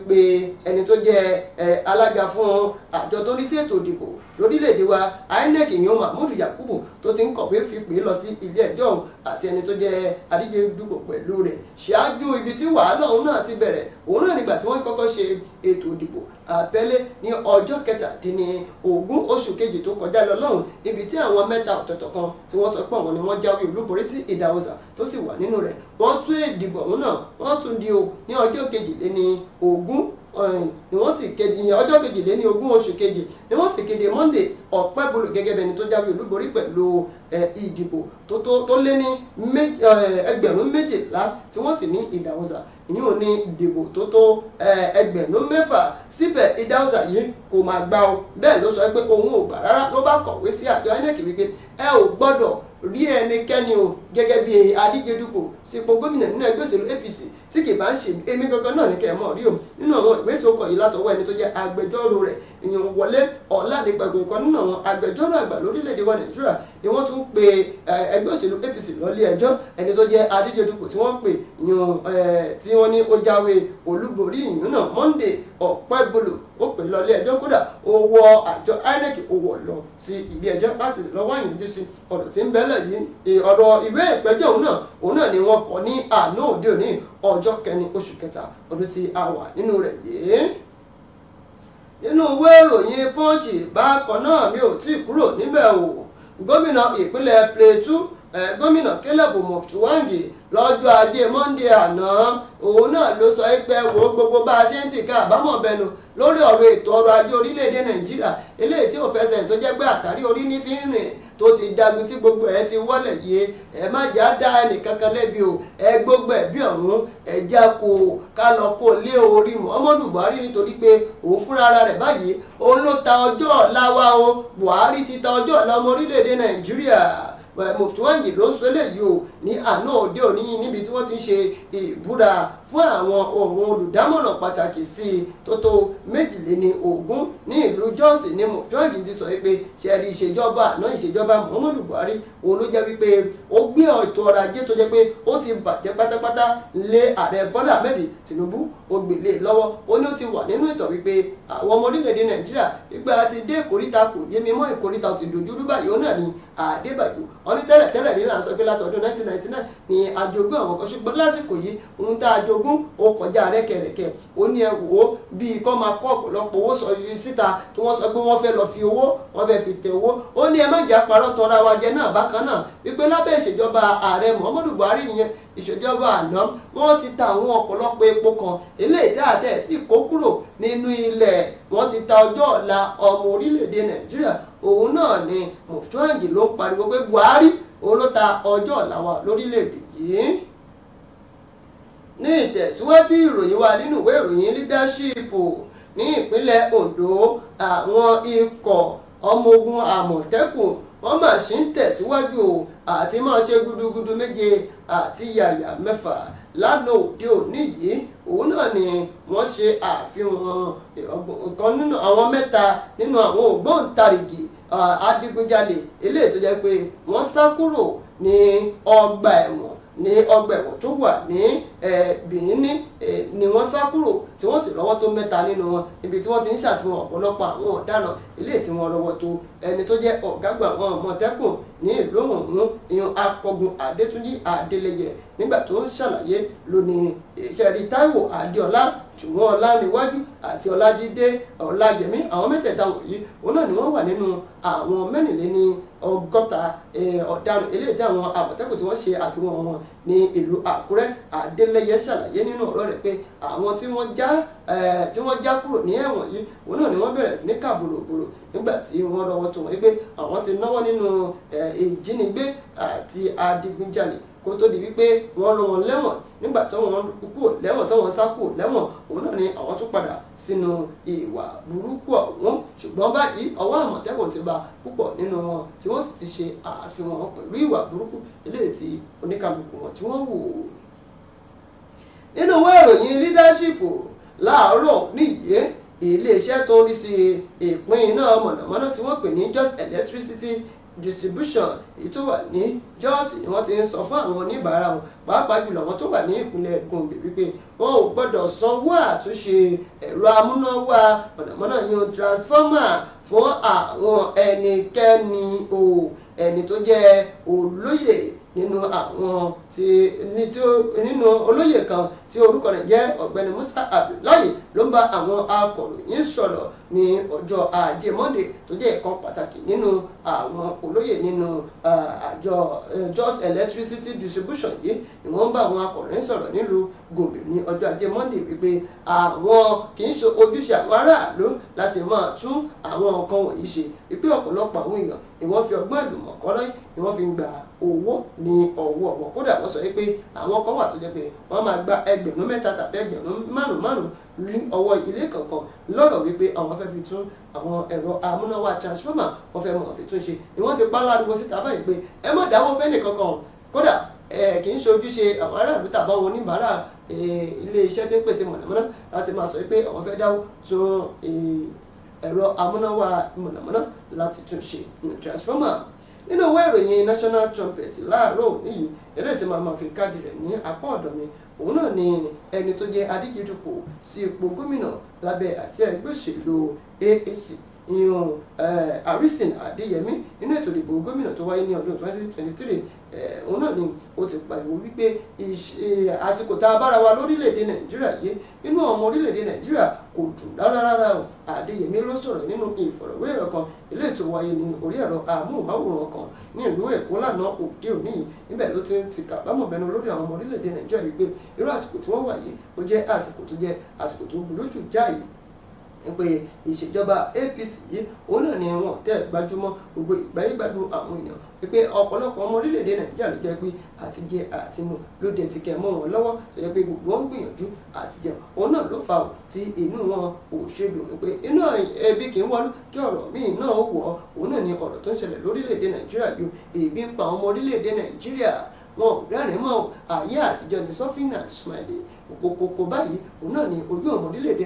pé ẹni tó jẹ́ alága fún àjọ tó rí sí ètò ìdìbò lórílẹ̀‐èdè wa INEC yan mahmood yakubu tó ti ń kọ̀wé fipè lọ sí ilé ẹjọ́ òun àti ẹni tó jẹ́ adíjedúgbò pẹ̀lú rẹ̀ ṣáájú ibi tí wàhálà òun náà ti bẹ̀rẹ̀ òun náà nígbà tí wọ́n kọ́kọ́ ṣe ètò ìdìbò àbẹ́lé ní ọjọ́ kẹtàdínní ogún oṣù kejì tó kọjá lọ lọ́hùn níbi tí àwọn mẹ́ta ọ̀tọ̀ọ̀tọ̀ kan tí wọ́n sọ pé àwọn ni wọ́n jáwé olúborí tí ìdáhùsà tó sì wà nínú rẹ̀ wọ́n tún ìdìbò òun náà wọ́n tún di o ní ọjọ́ kejìléní ogún Eh, ni wọ́n sì kéde ọjọ́ kejìléní ogún oṣù kejì ni wọ́n sì kéde Monday Ọpẹ́bùlù gẹ́gẹ́ bẹni tó jáwé olúborí pẹ̀lú eh, ìdìbò tó lé ní eh, ẹgbẹ̀rún méjìlá tí wọ́n sì ní ìdá ọ̀sà ìyún ní ìdìbò tó tó ẹgbẹ̀rún mẹ́fà síbẹ̀ ìdá ọ̀sà yìí kò máa gbà ó bẹ́ẹ̀ ló sọ pé òun ò gbà rárá ló bá kọ̀wé sí àjọ INEC wípé ẹ ò gbọ́dọ̀ rí ẹnikẹ́ni o gẹ́gẹ́ bí adíje dupò sípò gómìnà nínú ẹgbẹ́ òṣèlú APC tí kì bá ń ṣe èmi gangan náà ní kẹ̀mọ́ rí o nínú àwọn ìwé tó kọ yìí látọwọ́ ẹni tó jẹ́ agbẹjọ́rò rẹ̀ ìyẹn Wọlé Ọlánípẹ̀gùn kan nínú àwọn agbẹjọ́rò àgbà lórílẹ̀ wa Nàìjíríà ni wọ́n tún pe ẹgbẹ́ òṣèlú APC lọ́lé ẹjọ́ ẹni tó jẹ́ adíje dupò tí wọ́n pè tí wọ́n ní ó jáwé olúborí ìyún náà Monday Ọpẹ́bọlò ó pè lọ́lé ẹjọ́ kódà ó wọ àjọ INEC ó wọ̀ lọ sí ilé ẹjọ́ láti lọ́wọ́ àyànjú sí ọ̀rọ̀ tí ń bẹ́lẹ̀ ìwé ìpẹ́jọ́ òun náà òun náà ni wọ́n kọ ní àná òde òní ọjọ́ kẹrin oṣù kẹta ọdún tí a wà nínú rẹ̀ yìí nínú ìwé ìròyìn pọ́ǹchì bákan náà mi ò tí ì kúrò níbẹ̀ o gómìnà ìpínlẹ̀ Plateau gómìnà Caleb Mutwangi lọ́jọ́ ajé Monday àná òun náà ló sọ pé wo gbogbo bá a ṣe ń tì ká àbámọ̀ bẹnu lórí ọ̀rọ̀ ètò ọrọ̀ ajé orílẹ̀-èdè nàìjíríà eléyìí tí ò fẹsẹ̀ tó jẹ́ pé àtàrí orí ní fi ń rìn tó ti dagun tí gbogbo ẹ̀ ti wọ́lẹ̀ yé ẹ má jà dá ẹnìkankan lẹ́bi o ẹ gbogbo ẹ̀ bí ọ̀run ẹ já kó o ká lọ kó lé orí muhammadu buhari nítorí pé òun fúnra rẹ̀ báyìí òun ló ta ọjọ́ ọ̀la wa o buhari ti ta ọjọ́ ọ̀la ọmọ orílẹ̀-èdè nàìjíríà mọ̀túwáǹgì ló ń sọ eléyìí o ní àná òde òní níbi tí wọ́n ti ń ṣe ìbúra fún àwọn òun olùdámọ̀ràn pàtàkì sí i tó tó méjìléní ogún ní ìlú Jos ní mọ̀fíọ́ọ̀dì ti sọ wípé ṣẹ́ẹ̀rí ìṣèjọba àná ìṣèjọba Muhammadu Buhari òun ló jẹ́ wípé ó gbé ètò ọrọ̀ ajé tó jẹ́ pé ó ti bàjẹ́ pátápátá lé ààrẹ Bọ́lá Ahmed Tinubu ó gbélé e lọ́wọ́ ó ní ó ti wà nínú ìtàn wípé àwọn ọmọ orílẹ̀-èdè Nàìjíríà wípé a ti dé ìkóríta kò yé mi mọ́ ìkóríta ti dojúrú báyìí ó náà ní Adébàjò ọdún tẹ́lẹ̀ tẹ́lẹ̀ ní là ń sọ pé láti ọdún 1999 ni àjogún àwọn kan ṣùgbọ́n lásìkò yìí ń tá àjọ mẹ́ẹ̀ẹ́dógún ó kọjá rẹ́kẹ̀rẹ́kẹ̀ ó ní ẹ wò ó bíi kọ́ máa kọ́ ọ̀pọ̀lọpọ̀ owó sọ yìí síta tí wọ́n sọ pé wọ́n fẹ́ lọ fi owó wọ́n fẹ́ fi tẹ owó ó ní ẹ má jà parọ́ tọra wa jẹ náà bákan náà wípé lábẹ́ ìṣèjọba ààrẹ Muhammadu Buhari yẹn ìṣèjọba àná wọ́n ti ta àwọn ọ̀pọ̀lọpọ̀ epo kan eléyìí tí àdẹ tí kó kúrò nínú ilẹ̀ wọ́n ti ta ọjọ́ ọ̀la ọmọ orílẹ̀-èdè Nàìjíríà òun náà ni Mufti Banji ló ń pariwo pé Buhari òun ọjọ́ ọ̀la wa lórílẹ̀-èdè yìí ní ìtẹ̀síwájú ìròyìn wa nínú ìwé ìròyìn leadership ní ìpínlẹ̀ Ondo àwọn ikọ̀ ọmọ ogun Àmọ̀tẹ́kùn wọ́n mà ṣì ń tẹ̀síwájú o àti máa ṣe gudugudu méje àti yàyà mẹ́fà lánàá òde òní yìí òun náà ni wọ́n ṣe àfihàn ọ̀kan nínú àwọn mẹ́ta nínú àwọn ògbóǹtarìgì adigunjalè eléyìí tó jẹ́ pé wọ́n sá kúrò ní ọgbà ẹ̀wọ̀n ní ọgbà ẹ̀wọ̀n tó wà ní Bìníní ni wọ́n sá kúrò tí wọ́n sì lọ́wọ́ tó mẹ́ta nínú wọn ibi tí wọ́n ti ń ṣàfihàn ọ̀pọ̀lọpọ̀ àwọn ọ̀daràn eléyìí tí wọ́n lọ́wọ́ tó ẹni tó jẹ́ ọ̀gágbà àwọn Àmọ̀tẹ́kùn ní ìlú ọ̀hún ìyọ̀n akọgun Adétúnjì Adélẹyẹ nígbà tó ń ṣàlàyé lónìí ìṣẹ̀rí Táíwò Adéọlá ṣùgbọ́n Ọláníwájú àti Ọlájídé Ọláyẹmí àwọn mẹ́tẹ̀ẹ̀ta wọ̀nyí òun náà ni wọ́n wà nínú àwọn mẹ́rìnléní ọgọ́ta ọ̀daràn eléyìí tí àwọn àmọ̀tẹ́kùn tí wọ́n ṣe àfihàn wọn ní ìlú àkúrẹ́ adélẹ́yẹ ṣàlàyé nínú ọ̀rọ̀ rẹ̀ pé àwọn tí wọ́n já tí wọ́n já kúrò ní ẹ̀wọ̀n yìí òun náà ni wọ́n bẹ̀rẹ̀ sí ní kà bòròbòrò nígbà tí wọ́n rọwọ́ tó wọ́n pé àwọn ti náwó nínú ìjínigbé àti adigunjalè kó tó di wípé wọ́n rán wọn lẹ́wọ̀n nígbà tí wọ́n kú lẹ́wọ̀n tí wọ́n sá kú lẹ́wọ̀n òun náà ni àwọn tún padà sínú ìwà burúkú ọ̀hún ṣùgbọ́n báyìí ọwọ́ àmọ̀tẹ́kùn ti bà púpọ̀ nínú wọn tí wọ́n sì ti ṣe àfihàn pẹ̀lú ìwà burúkú eléyìí tí oníkàlùkù wọn tí wọ́n wò. nínú ìwé ìròyìn lídáṣípù láàárọ̀ níyẹn iléeṣẹ́ tó ń rí sí ìpín iná mọ̀nàmọ́ná tí wọ́n pè ní Just Electricity distribution èyí tó wà ní Jos ni wọ́n ti ń sọ fún àwọn oníbàárà wọn pàápàá jùlọ wọn tó wà ní ìpínlẹ̀ Gombe wípé wọn ò gbọ́dọ̀ sanwó àtúnṣe ẹ̀rọ amúnáwá mọ̀nàmọ́ná yun transformer fún àwọn ẹnikẹ́ni o ẹni tó jẹ́ olóyè nínú àwọn tí nínú olóyè kan tí orúkọ rẹ̀ jẹ́ ọ̀gbẹ́ni Musa Abdullahi ló ń bá àwọn akọ̀ròyìn sọ̀rọ̀ ní ọjọ́ ajé monde tó jẹ́ ìkan pàtàkì nínú àwọn olóyè nínú àjọ Jos Electricity Distribution yìí ni wọ́n ń bá àwọn akọ̀ròyìn sọ̀rọ̀ nílùú Gombe ní ọjọ́ ajé monde wípé àwọn kì í ṣe ojúṣe àwọn aráàlú láti máa tún àwọn nǹkan wọ̀nyí ṣe wípé ọ̀pọ̀lọpọ̀ àwọn èèyàn ni wọ́n fi ọgbọ́n ìlú mọ̀kọ́rọ́ ni wọ́n fi ń gba owó ní ọwọ́ wọn kódà wọ́n sọ pé àwọn kan wà tó jẹ́ pé wọ́n máa gba ẹgbẹ̀rún mẹ́ta tàbí ẹgbẹ̀rún márùn márùn ní ọwọ́ ilé kọ̀ọ̀kan lọ́rọ̀ wípé àwọn fẹ́ fi tún àwọn ẹ̀rọ amúnáwá transformer wọ́n fẹ́ mọ̀ fi tún ṣe ni wọ́n fi pálárugbo síta báyìí pé ẹ má dáwọ́ fẹ́nì kankan kódà kì í ṣe ojúṣe àwọn aráàlú tàbáwọn oníbàárà ilé iṣẹ́ tí ń pèsè mọ̀nàmọ́ná láti máa sọ pé àwọn fẹ́ dáwọ́ tún ẹ̀rọ amúnáwá mọ̀nàmọ́ná láti tún ṣe transformer nínú ìwé ìròyìn national trumpet láàárọ̀ òní yìí eré tí màmá fi káàdì rẹ̀ ní apá ọ̀dọ̀ mi òun náà ni ẹni tó jẹ́ adíje dupò sí ipò gómìnà lábẹ́ àsíá ẹgbẹ́ òṣèlú AAC ìyún Harrison Adéyẹmí nínú ètò ìdìbò gómìnà tó wáyé ní ọdún 2023 òun náà ni ó ti pariwo wípé àsìkò tá a bára wa lórílẹ̀‐èdè Nàìjíríà yìí inú ọmọ orílẹ̀‐èdè Nàìjíríà kò dùn rárá rárá o Adéyẹmí ló sọ̀rọ̀ nínú ìfọ̀rọ̀wérọ̀ kan ilé ètò wáyé ní orí ẹ̀rọ amóhùnmáwòrán kan ní ìlú Èkó lánàá òde òní níbẹ̀ ló ti ń ti kàbámọ̀ bẹnu lórí àwọn ọmọ orílẹ̀‐èdè Nàìjíríà wípé irú àsìkò tí wọ́n wà yìí ó jẹ́ àsìkò tó jẹ́ àsìkò tó burú jù jáì pé ìṣèjọba APC yìí òun náà ni wọn tẹ́ gbajúmọ̀ gbogbo ìgbáyégbádùn àwọn èèyàn pé ọ̀pọ̀lọpọ̀ ọmọ orílẹ̀-èdè nàìjíríà ló jẹ́ pé àti jẹ àti mu ló dé ti kẹ́ mọ́ wọn lọ́wọ́ tó jẹ́ pé gbogbo wọn ń gbìyànjú àti jẹun òun náà ló fa tí inú wọn ò ṣe dùn pé iná ebi kì í wọlú kí ọ̀rọ̀ míì náà ó wọ̀ ọ́ òun náà ni ọ̀rọ̀ tó ń ṣẹlẹ̀ lórílẹ̀-èdè nàìjíríà yìí ebi ń pa ọmọ orílẹ̀-èdè nàìjíríà wọn ò rẹ́rìn-ín mọ́ àyè àtijọ́ ni sọ́fínà smiling kòkòkò báyìí òun náà ni ojú ọ̀rọ̀ orílẹ̀-èdè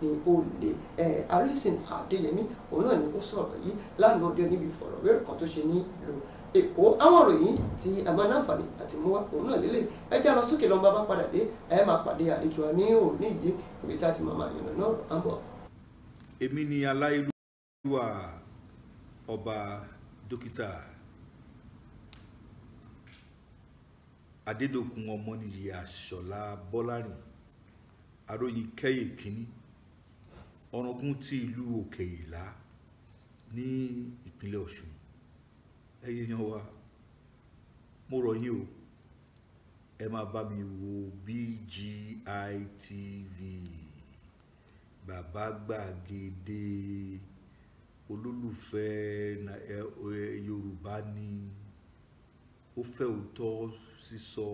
ni olè ẹ̀ arísìn àdéyẹmí òun ni ó sọ̀rọ̀ yìí lánàá òde níbi ìfọ̀rọ̀wérọ̀ kan tó ṣe ní ìlú èkó àwọn ìròyìn tí ẹ máa náǹfààní àti mú wá òun náà lélẹ̀ ẹ já lọ sókè lọ́nba adédọ̀kun ọmọnìyí àṣọlá bọ́lárìn aróyin kẹ́yè kínní ọ̀ràngún ti ìlú òkè ìlá ní ìpínlẹ̀ ọ̀ṣun ẹ̀yin yan wa mo rọ̀ yín o ẹ máa bá mi wo BGI TV bàbá gbàgede olólùfẹ́ yorùbá ni. Eh, eh, ó fẹ́ òótọ́ sísọ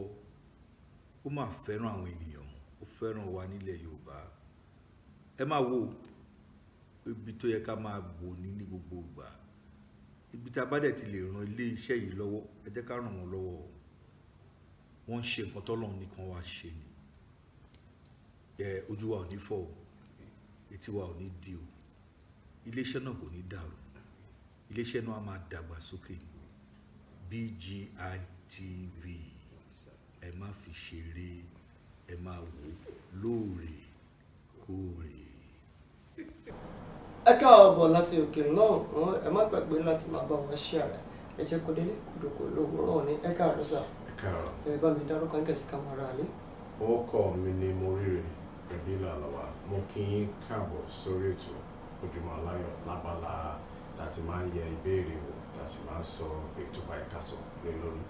ó máa fẹ́ràn àwọn ènìyàn ó fẹ́ràn wa nílẹ̀ yorùbá ẹ máa wo ibi tó yẹ ká máa wò ní ní gbogbo ìgbà ibi tá a bá dẹ̀ ti lè ran ilé iṣẹ́ yìí lọ́wọ́ ẹ jẹ́ ká ràn wọ́n lọ́wọ́ wọ́n ń ṣe nǹkan tọ́lọ́run nìkan wá ṣe ni ẹ ojú wa ò ní fọ́ o etí wa ò ní di o iléeṣẹ́ náà kò ní dàrú iléeṣẹ́ náà á máa dàgbà sókè ni BGI TV ẹ má fi ṣeré ẹ máa wò lóòrèkóòrè. ẹ káàbọ̀ láti òkè náà ẹ má gbàgbé láti máa bá wa ṣe àrà ẹ jẹ́ kó délé kúdòkó lówùúrọ̀ ní ẹ káàárọ̀ sà ẹ bá mi dárúkọ ẹ̀kẹ́ sí kámẹ́rà mi. orúkọ mi ni Morire Pẹ̀lílà Àlàwá mo kí n káàbọ̀ sórí ètò ojúmọ aláyọ lábala láti máa ń yẹ ìbéèrè wò sì máa sọ ètò àìkásọ lé lórí.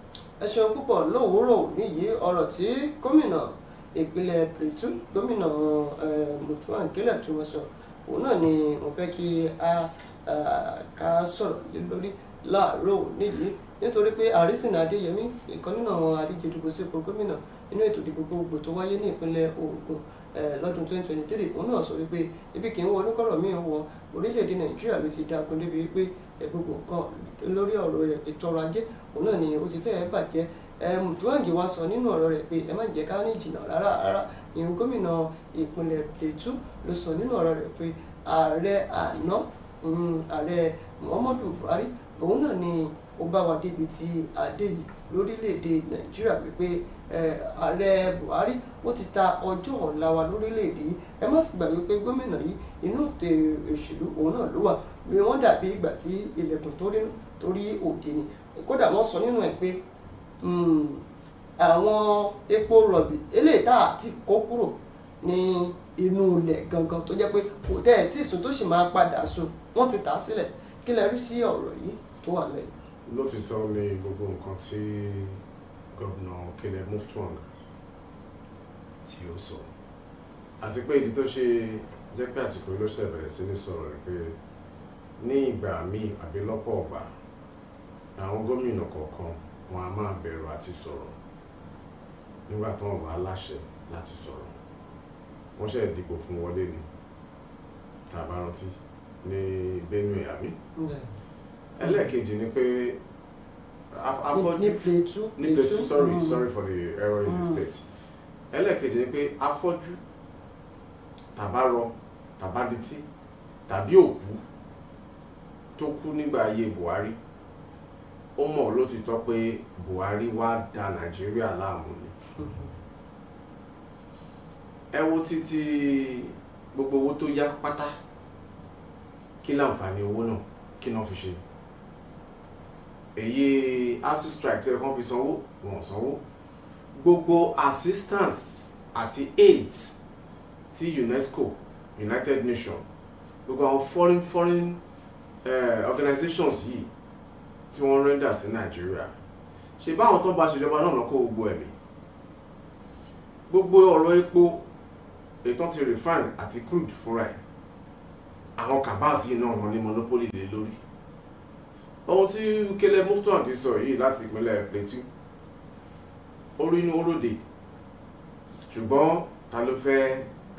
ẹ ṣeun púpọ̀ lówùúrọ̀ òní yìí ọ̀rọ̀ tí gómìnà ìpínlẹ̀ Plateau gómìnà Mutuwan Caleb tí wọ́n sọ òun náà ni mo fẹ́ kí a ká sọ̀rọ̀ lé lórí láàárọ̀ òní yìí nítorí pé àrísìn Adéyẹmí ìkan nínú àwọn adíje dìbò sípò gómìnà nínú ètò ìdìbò gbogbo tó wáyé ní ìpínlẹ̀ Ògùn lọ́dún 2023 òun náà sọ wípé ibi kì í wọ oníkọ̀rọ̀ míì wọ orílẹ̀-èdè nàìjíríà ló ti dákun débi wípé gbogbo nǹkan lórí ọ̀rọ̀ ètò ọrọ̀ ajé òun náà ni ó ti fẹ́ẹ́ bàjẹ́ mùtúwàǹgì wa sọ nínú ọ̀rọ̀ rẹ̀ pé ẹ má jẹ́ ká ní ìjìnà rárá rárá ìrù gómìnà ìpínlẹ̀ Plateau ló sọ nínú ọ̀rọ̀ rẹ̀ pé ààrẹ àná mm, ààrẹ Muhammadu Buhari òun náà ni ó bá wa débi tí adé yìí lórílẹ̀‐èdè nàìjíríà wípé ààrẹ buhari ó ti ta ọjọ́ ọ̀la wa lórílẹ̀‐èdè yìí ẹ má sì gbàgbé pé gómìnà yìí inú ètò òṣèlú òun náà ló wà bí wọ́n dàbí ìgbà tí ilẹ̀kùn torí òde ni kódà wọ́n sọ nínú ẹ̀ pé hmm, àwọn epo rọ̀bì eléyìí tá a ti kó kúrò ní inú ilẹ̀ gangan tó jẹ́ pé kò tẹ́ ẹ̀ tí ìsùn tó sì máa padà sùn wọ́n ti tà á sílẹ̀ kí lẹ rí sí ọ̀rọ̀ yìí tó wà lẹ́yìn lótìtọ́ ni gbogbo nǹkan tí gọ́vnà Caleb Muftwang tí ó sọ àti pé ìdí tó ṣe jẹ́ pé àsìkò ló ṣe bẹ̀rẹ̀ sí ní sọ̀rọ̀ rẹ̀ pé ní ìgbà míì àbí lọ́pọ̀ ọ̀gbà àwọn gómìnà kọ̀ọ̀kan wọn a máa bẹ̀rù àti sọ̀rọ̀ nígbà tí wọn bá láṣẹ láti sọ̀rọ̀ wọ́n ṣe dìbò fún wọlé ni tàbá rántí ní Benue àbí. Mm ẹlẹ́ẹ̀kejì ni pé afọ́jú ní play two ní play two sorry mm. sorry for the error in mm. the state ẹlẹ́ẹ̀kejì ni pé afọ́jú tàbárọ tàbádití tàbí òkú tó kú nígbà ayé Buhari ó mọ̀ lótìtọ́ pé Buhari wá da Nàìjíríà láàmú ni ẹ wo títí gbogbo owó tó yá pátá kí láǹfààní owó náà kí náà fi ṣe èyí asu strike tí ẹ̀kọ́ fi sanwó wọn sanwó gbogbo assistance àti aid ti UNESCO United Nations gbogbo àwọn foreign foreign uh, organizations yìí tí wọ́n render sí Nàìjíríà ṣe báwọn tó ń ba ṣèjọba náà lọ́kọ́ gbogbo ẹ̀mí gbogbo ọ̀rọ̀ epo ètò ti refine àti crude fúnra ẹ̀ àwọn kabasi náà wọn ní monopoly lé lórí ohun tí Ukele Muftuandi sọ yìí láti ìpínlẹ̀ Plateau orí inú oróde ṣùgbọ́n ta ló fẹ́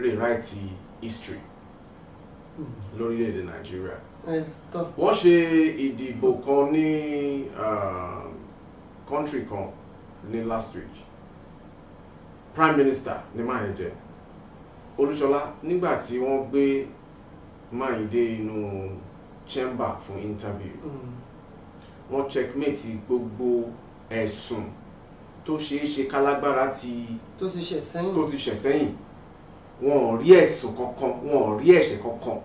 rewrite history lórílẹ̀‐èdè Nàìjíríà wọ́n ṣe ìdìbò kan ní um, country kan ní last week prime minister ní Máyẹ̀dẹ̀ Olúṣọlá nígbà tí wọ́n gbé Máyẹ̀dẹ̀ inú chamber fún interview. Mm wọ́n checkmate gbogbo ẹ̀sùn tó ṣeé ṣe kálágbára ti tó ti ṣẹ̀ sẹ́yìn wọn ò rí ẹ̀sùn kankan wọn ò rí ẹ̀ṣẹ̀ kankan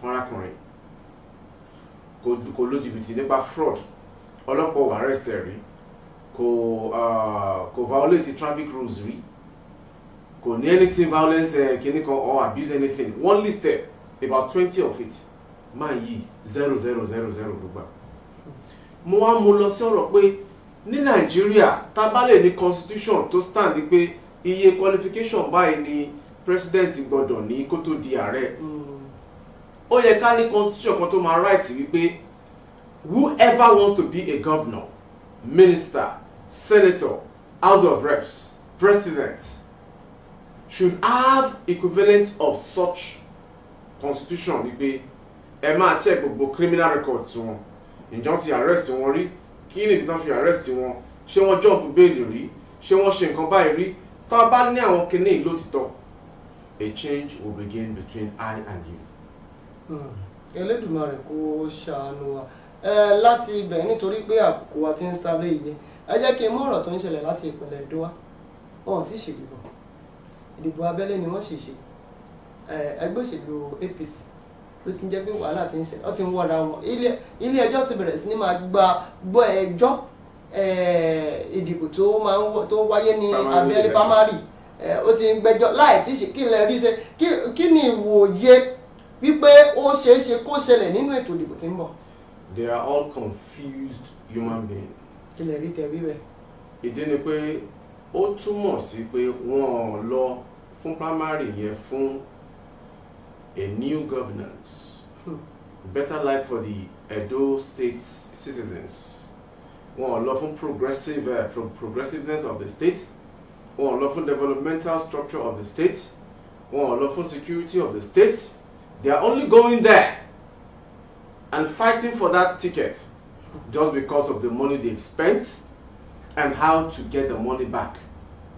fún arákùnrin kò lo jìbìtì nípa fraud ọlọ́pàá wà arrest rí kò kò violate traffic rules rí kò ní anything violence eh, kìíní kan or abuse anything one listed eh, about twenty of it máa yí zero zero zero zero gbogbo mo wá mú lọ sí ọ̀rọ̀ pé ní nàìjíríà tá ní constitution tó stand pé iye qualification báyìí ni president gbọ́dọ̀ ní kó tó di ààrẹ ó yẹ ká ní constitution kan tó máa right wípé whoever wants to be a governor minister senator house of reps president should have equivalent of such constitution wípé ẹ máa check gbogbo criminal records wọn ǹjọ́ ti arrest wọn rí kí nìdí tán fi arrest wọn ṣé wọ́n jump bail rí ṣé wọ́n ṣe nǹkan báyìí rí tá a bá ní àwọn kinní ìlú òtítọ́ a change will begin between I and you. Hmm. Elédùmarè kó ṣàánú wa láti ibẹ̀ nítorí pé àkókò wa ti ń sáré iye ẹ jẹ́ kí n mú ọ̀rọ̀ tó ń ṣẹlẹ̀ láti ìpínlẹ̀ Èdó wa wọn ti ṣèdìbò ìdìbò abẹ́lé ni wọ́n ṣèṣe ẹgbẹ́ òṣèlú APC ló ti ń jẹ́ pé wàhálà ti ń ṣe ọ́ ti ń wọ́ra wọn ilé ẹjọ́ ti bẹ̀rẹ̀ sí ni máa gba gbọ́ ẹjọ́ ìdìbò tó máa ń tó wáyé ní abẹ́lé pamari ó ti ń gbẹ́jọ́ láì tí ṣe kí lẹ rí ṣe kí ni ìwòye wípé ó ṣeé ṣe kó ṣẹlẹ̀ nínú ètò ìdìbò tí ń bọ̀. they are all confused human beings. kí lẹ rí tẹ rí bẹ́ẹ̀. ìdí ni pé ó túmọ̀ sí pé wọ́n lọ fún primary yẹn fún a new governance, hmm. better life for the Edo state's citizens, one lawful progressive uh, pro progressiveness of the state, one lawful developmental structure of the state, one lawful security of the state. They are only going there and fighting for that ticket just because of the money they've spent and how to get the money back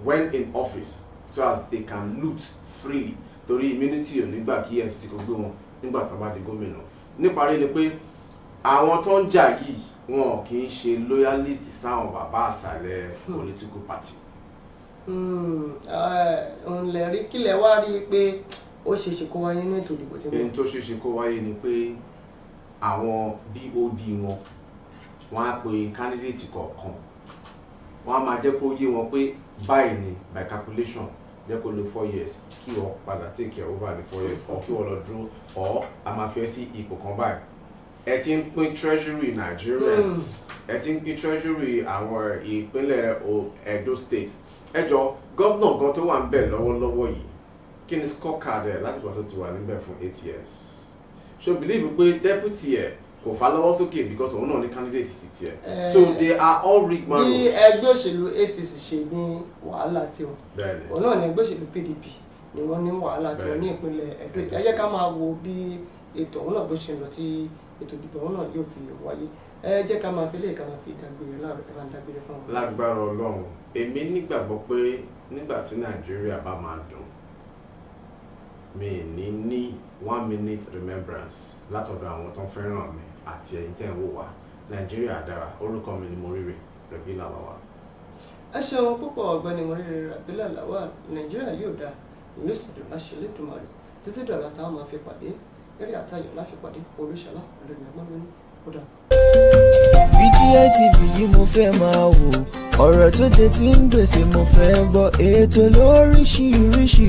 when in office so as they can loot freely torí immunity ò nígbà kí EFCC kò gbé wọn nígbà tó bá di gómìnà níparí ni pé àwọn tó ń jà yìí wọn kì í ṣe loyalist sáwọn bàbá àṣàlẹ̀ hmm. political party. Hmm. Eh, òun lè rí kílẹ̀ wá rí i pé ó ṣe ṣe kó wáyé ní ètò ìdìbò tí mo. ẹni tó ṣe kó wáyé ni pé àwọn BOD wọn wọn á pe candidate kọ̀ọ̀kan wọn á máa jẹ́ kó yé wọn pé báyìí ni by calculation jẹ́ kó lo four years kí wọ́n padà take care over the four years or kí wọ́n lọ dúró or a máa fi ẹ́ sí ipò kan báyìí ẹ ti ń pín treasury Nigerians ẹ ti ń pín treasury àwọn ìpínlẹ̀ Edo state ẹ jọ gómìnà gan tó wà ń bẹ̀ lọ́wọ́lọ́wọ́ yìí kí ni scorecard ẹ̀ láti pàṣẹ ti wà níbẹ̀ fún eight years so believe pé deputy ẹ̀ kò fà lọ́wọ́ sókè because òun náà ní candidate ti tiẹ̀ eh, so they are all rigged man. bí ẹgbẹ́ òṣèlú APC ṣe ní wàhálà tiwọn òun náà ní ẹgbẹ́ òṣèlú PDP ni wọ́n ní wàhálà tiwọn ní ìpínlẹ̀ Ẹdó ẹ jẹ́ ká máa wo bí ètò òun náà bó ṣe lọ tí ètò ìdìbò òun náà yóò fi wáyé ẹ jẹ́ ká máa fi lè ká máa fi dágbére láàrú ká máa dágbére fún wọn. lágbára Ọlọ́run èmi nígbàgbọ́ pé nígbà tí Nàìjíríà bá máa dùn mi ní ní one minute remembrance látọ̀dọ̀ àwọn tó fẹ́ràn mi àti ẹ̀yin tẹ́ ń wò wá nàìjíríà dára orúkọ mi ni Moríre Rabina Lawal. ẹ ṣeun púpọ̀ ọ̀gbẹ́ni Moríre Rabina Lawal nàìjíríà yóò dáa ìlú ìsìndùn láṣẹ lẹ́dùnmarè títí dọ̀là táwọn máa fi pàdé eré àtayọ̀ láfi pàdé olùṣàlá olùmí ọmọlúwẹ́ni ó dáa. BGI TV yìí mo fẹ́ máa wò ọ̀rọ̀ tó jẹ ti ń gbèsè mo fẹ́ gbọ́ ètò lóríṣiríṣi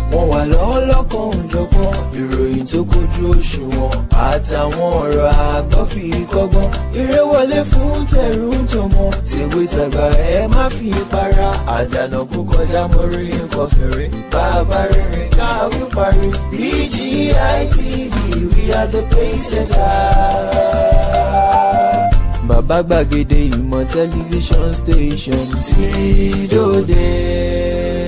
wọ́n wà lọ́wọ́ lọ́kàn òjọ̀gbọ́n ìròyìn tó kojú òṣùwọ̀n àtàwọn ọ̀rọ̀ àgbọ́ fi kọ́gbọ́n eré wọlé fún tẹ̀rù ń tọmọ tèwe tàgbà ẹ má fi para àjànà kú kọjá mọ́rí nǹkan fèrè bàbá rìnrìn káwí parí BGI TV we are the pace setter bàbá gbàgede ìmọ̀ tẹlifíṣọ̀n station tí dòde.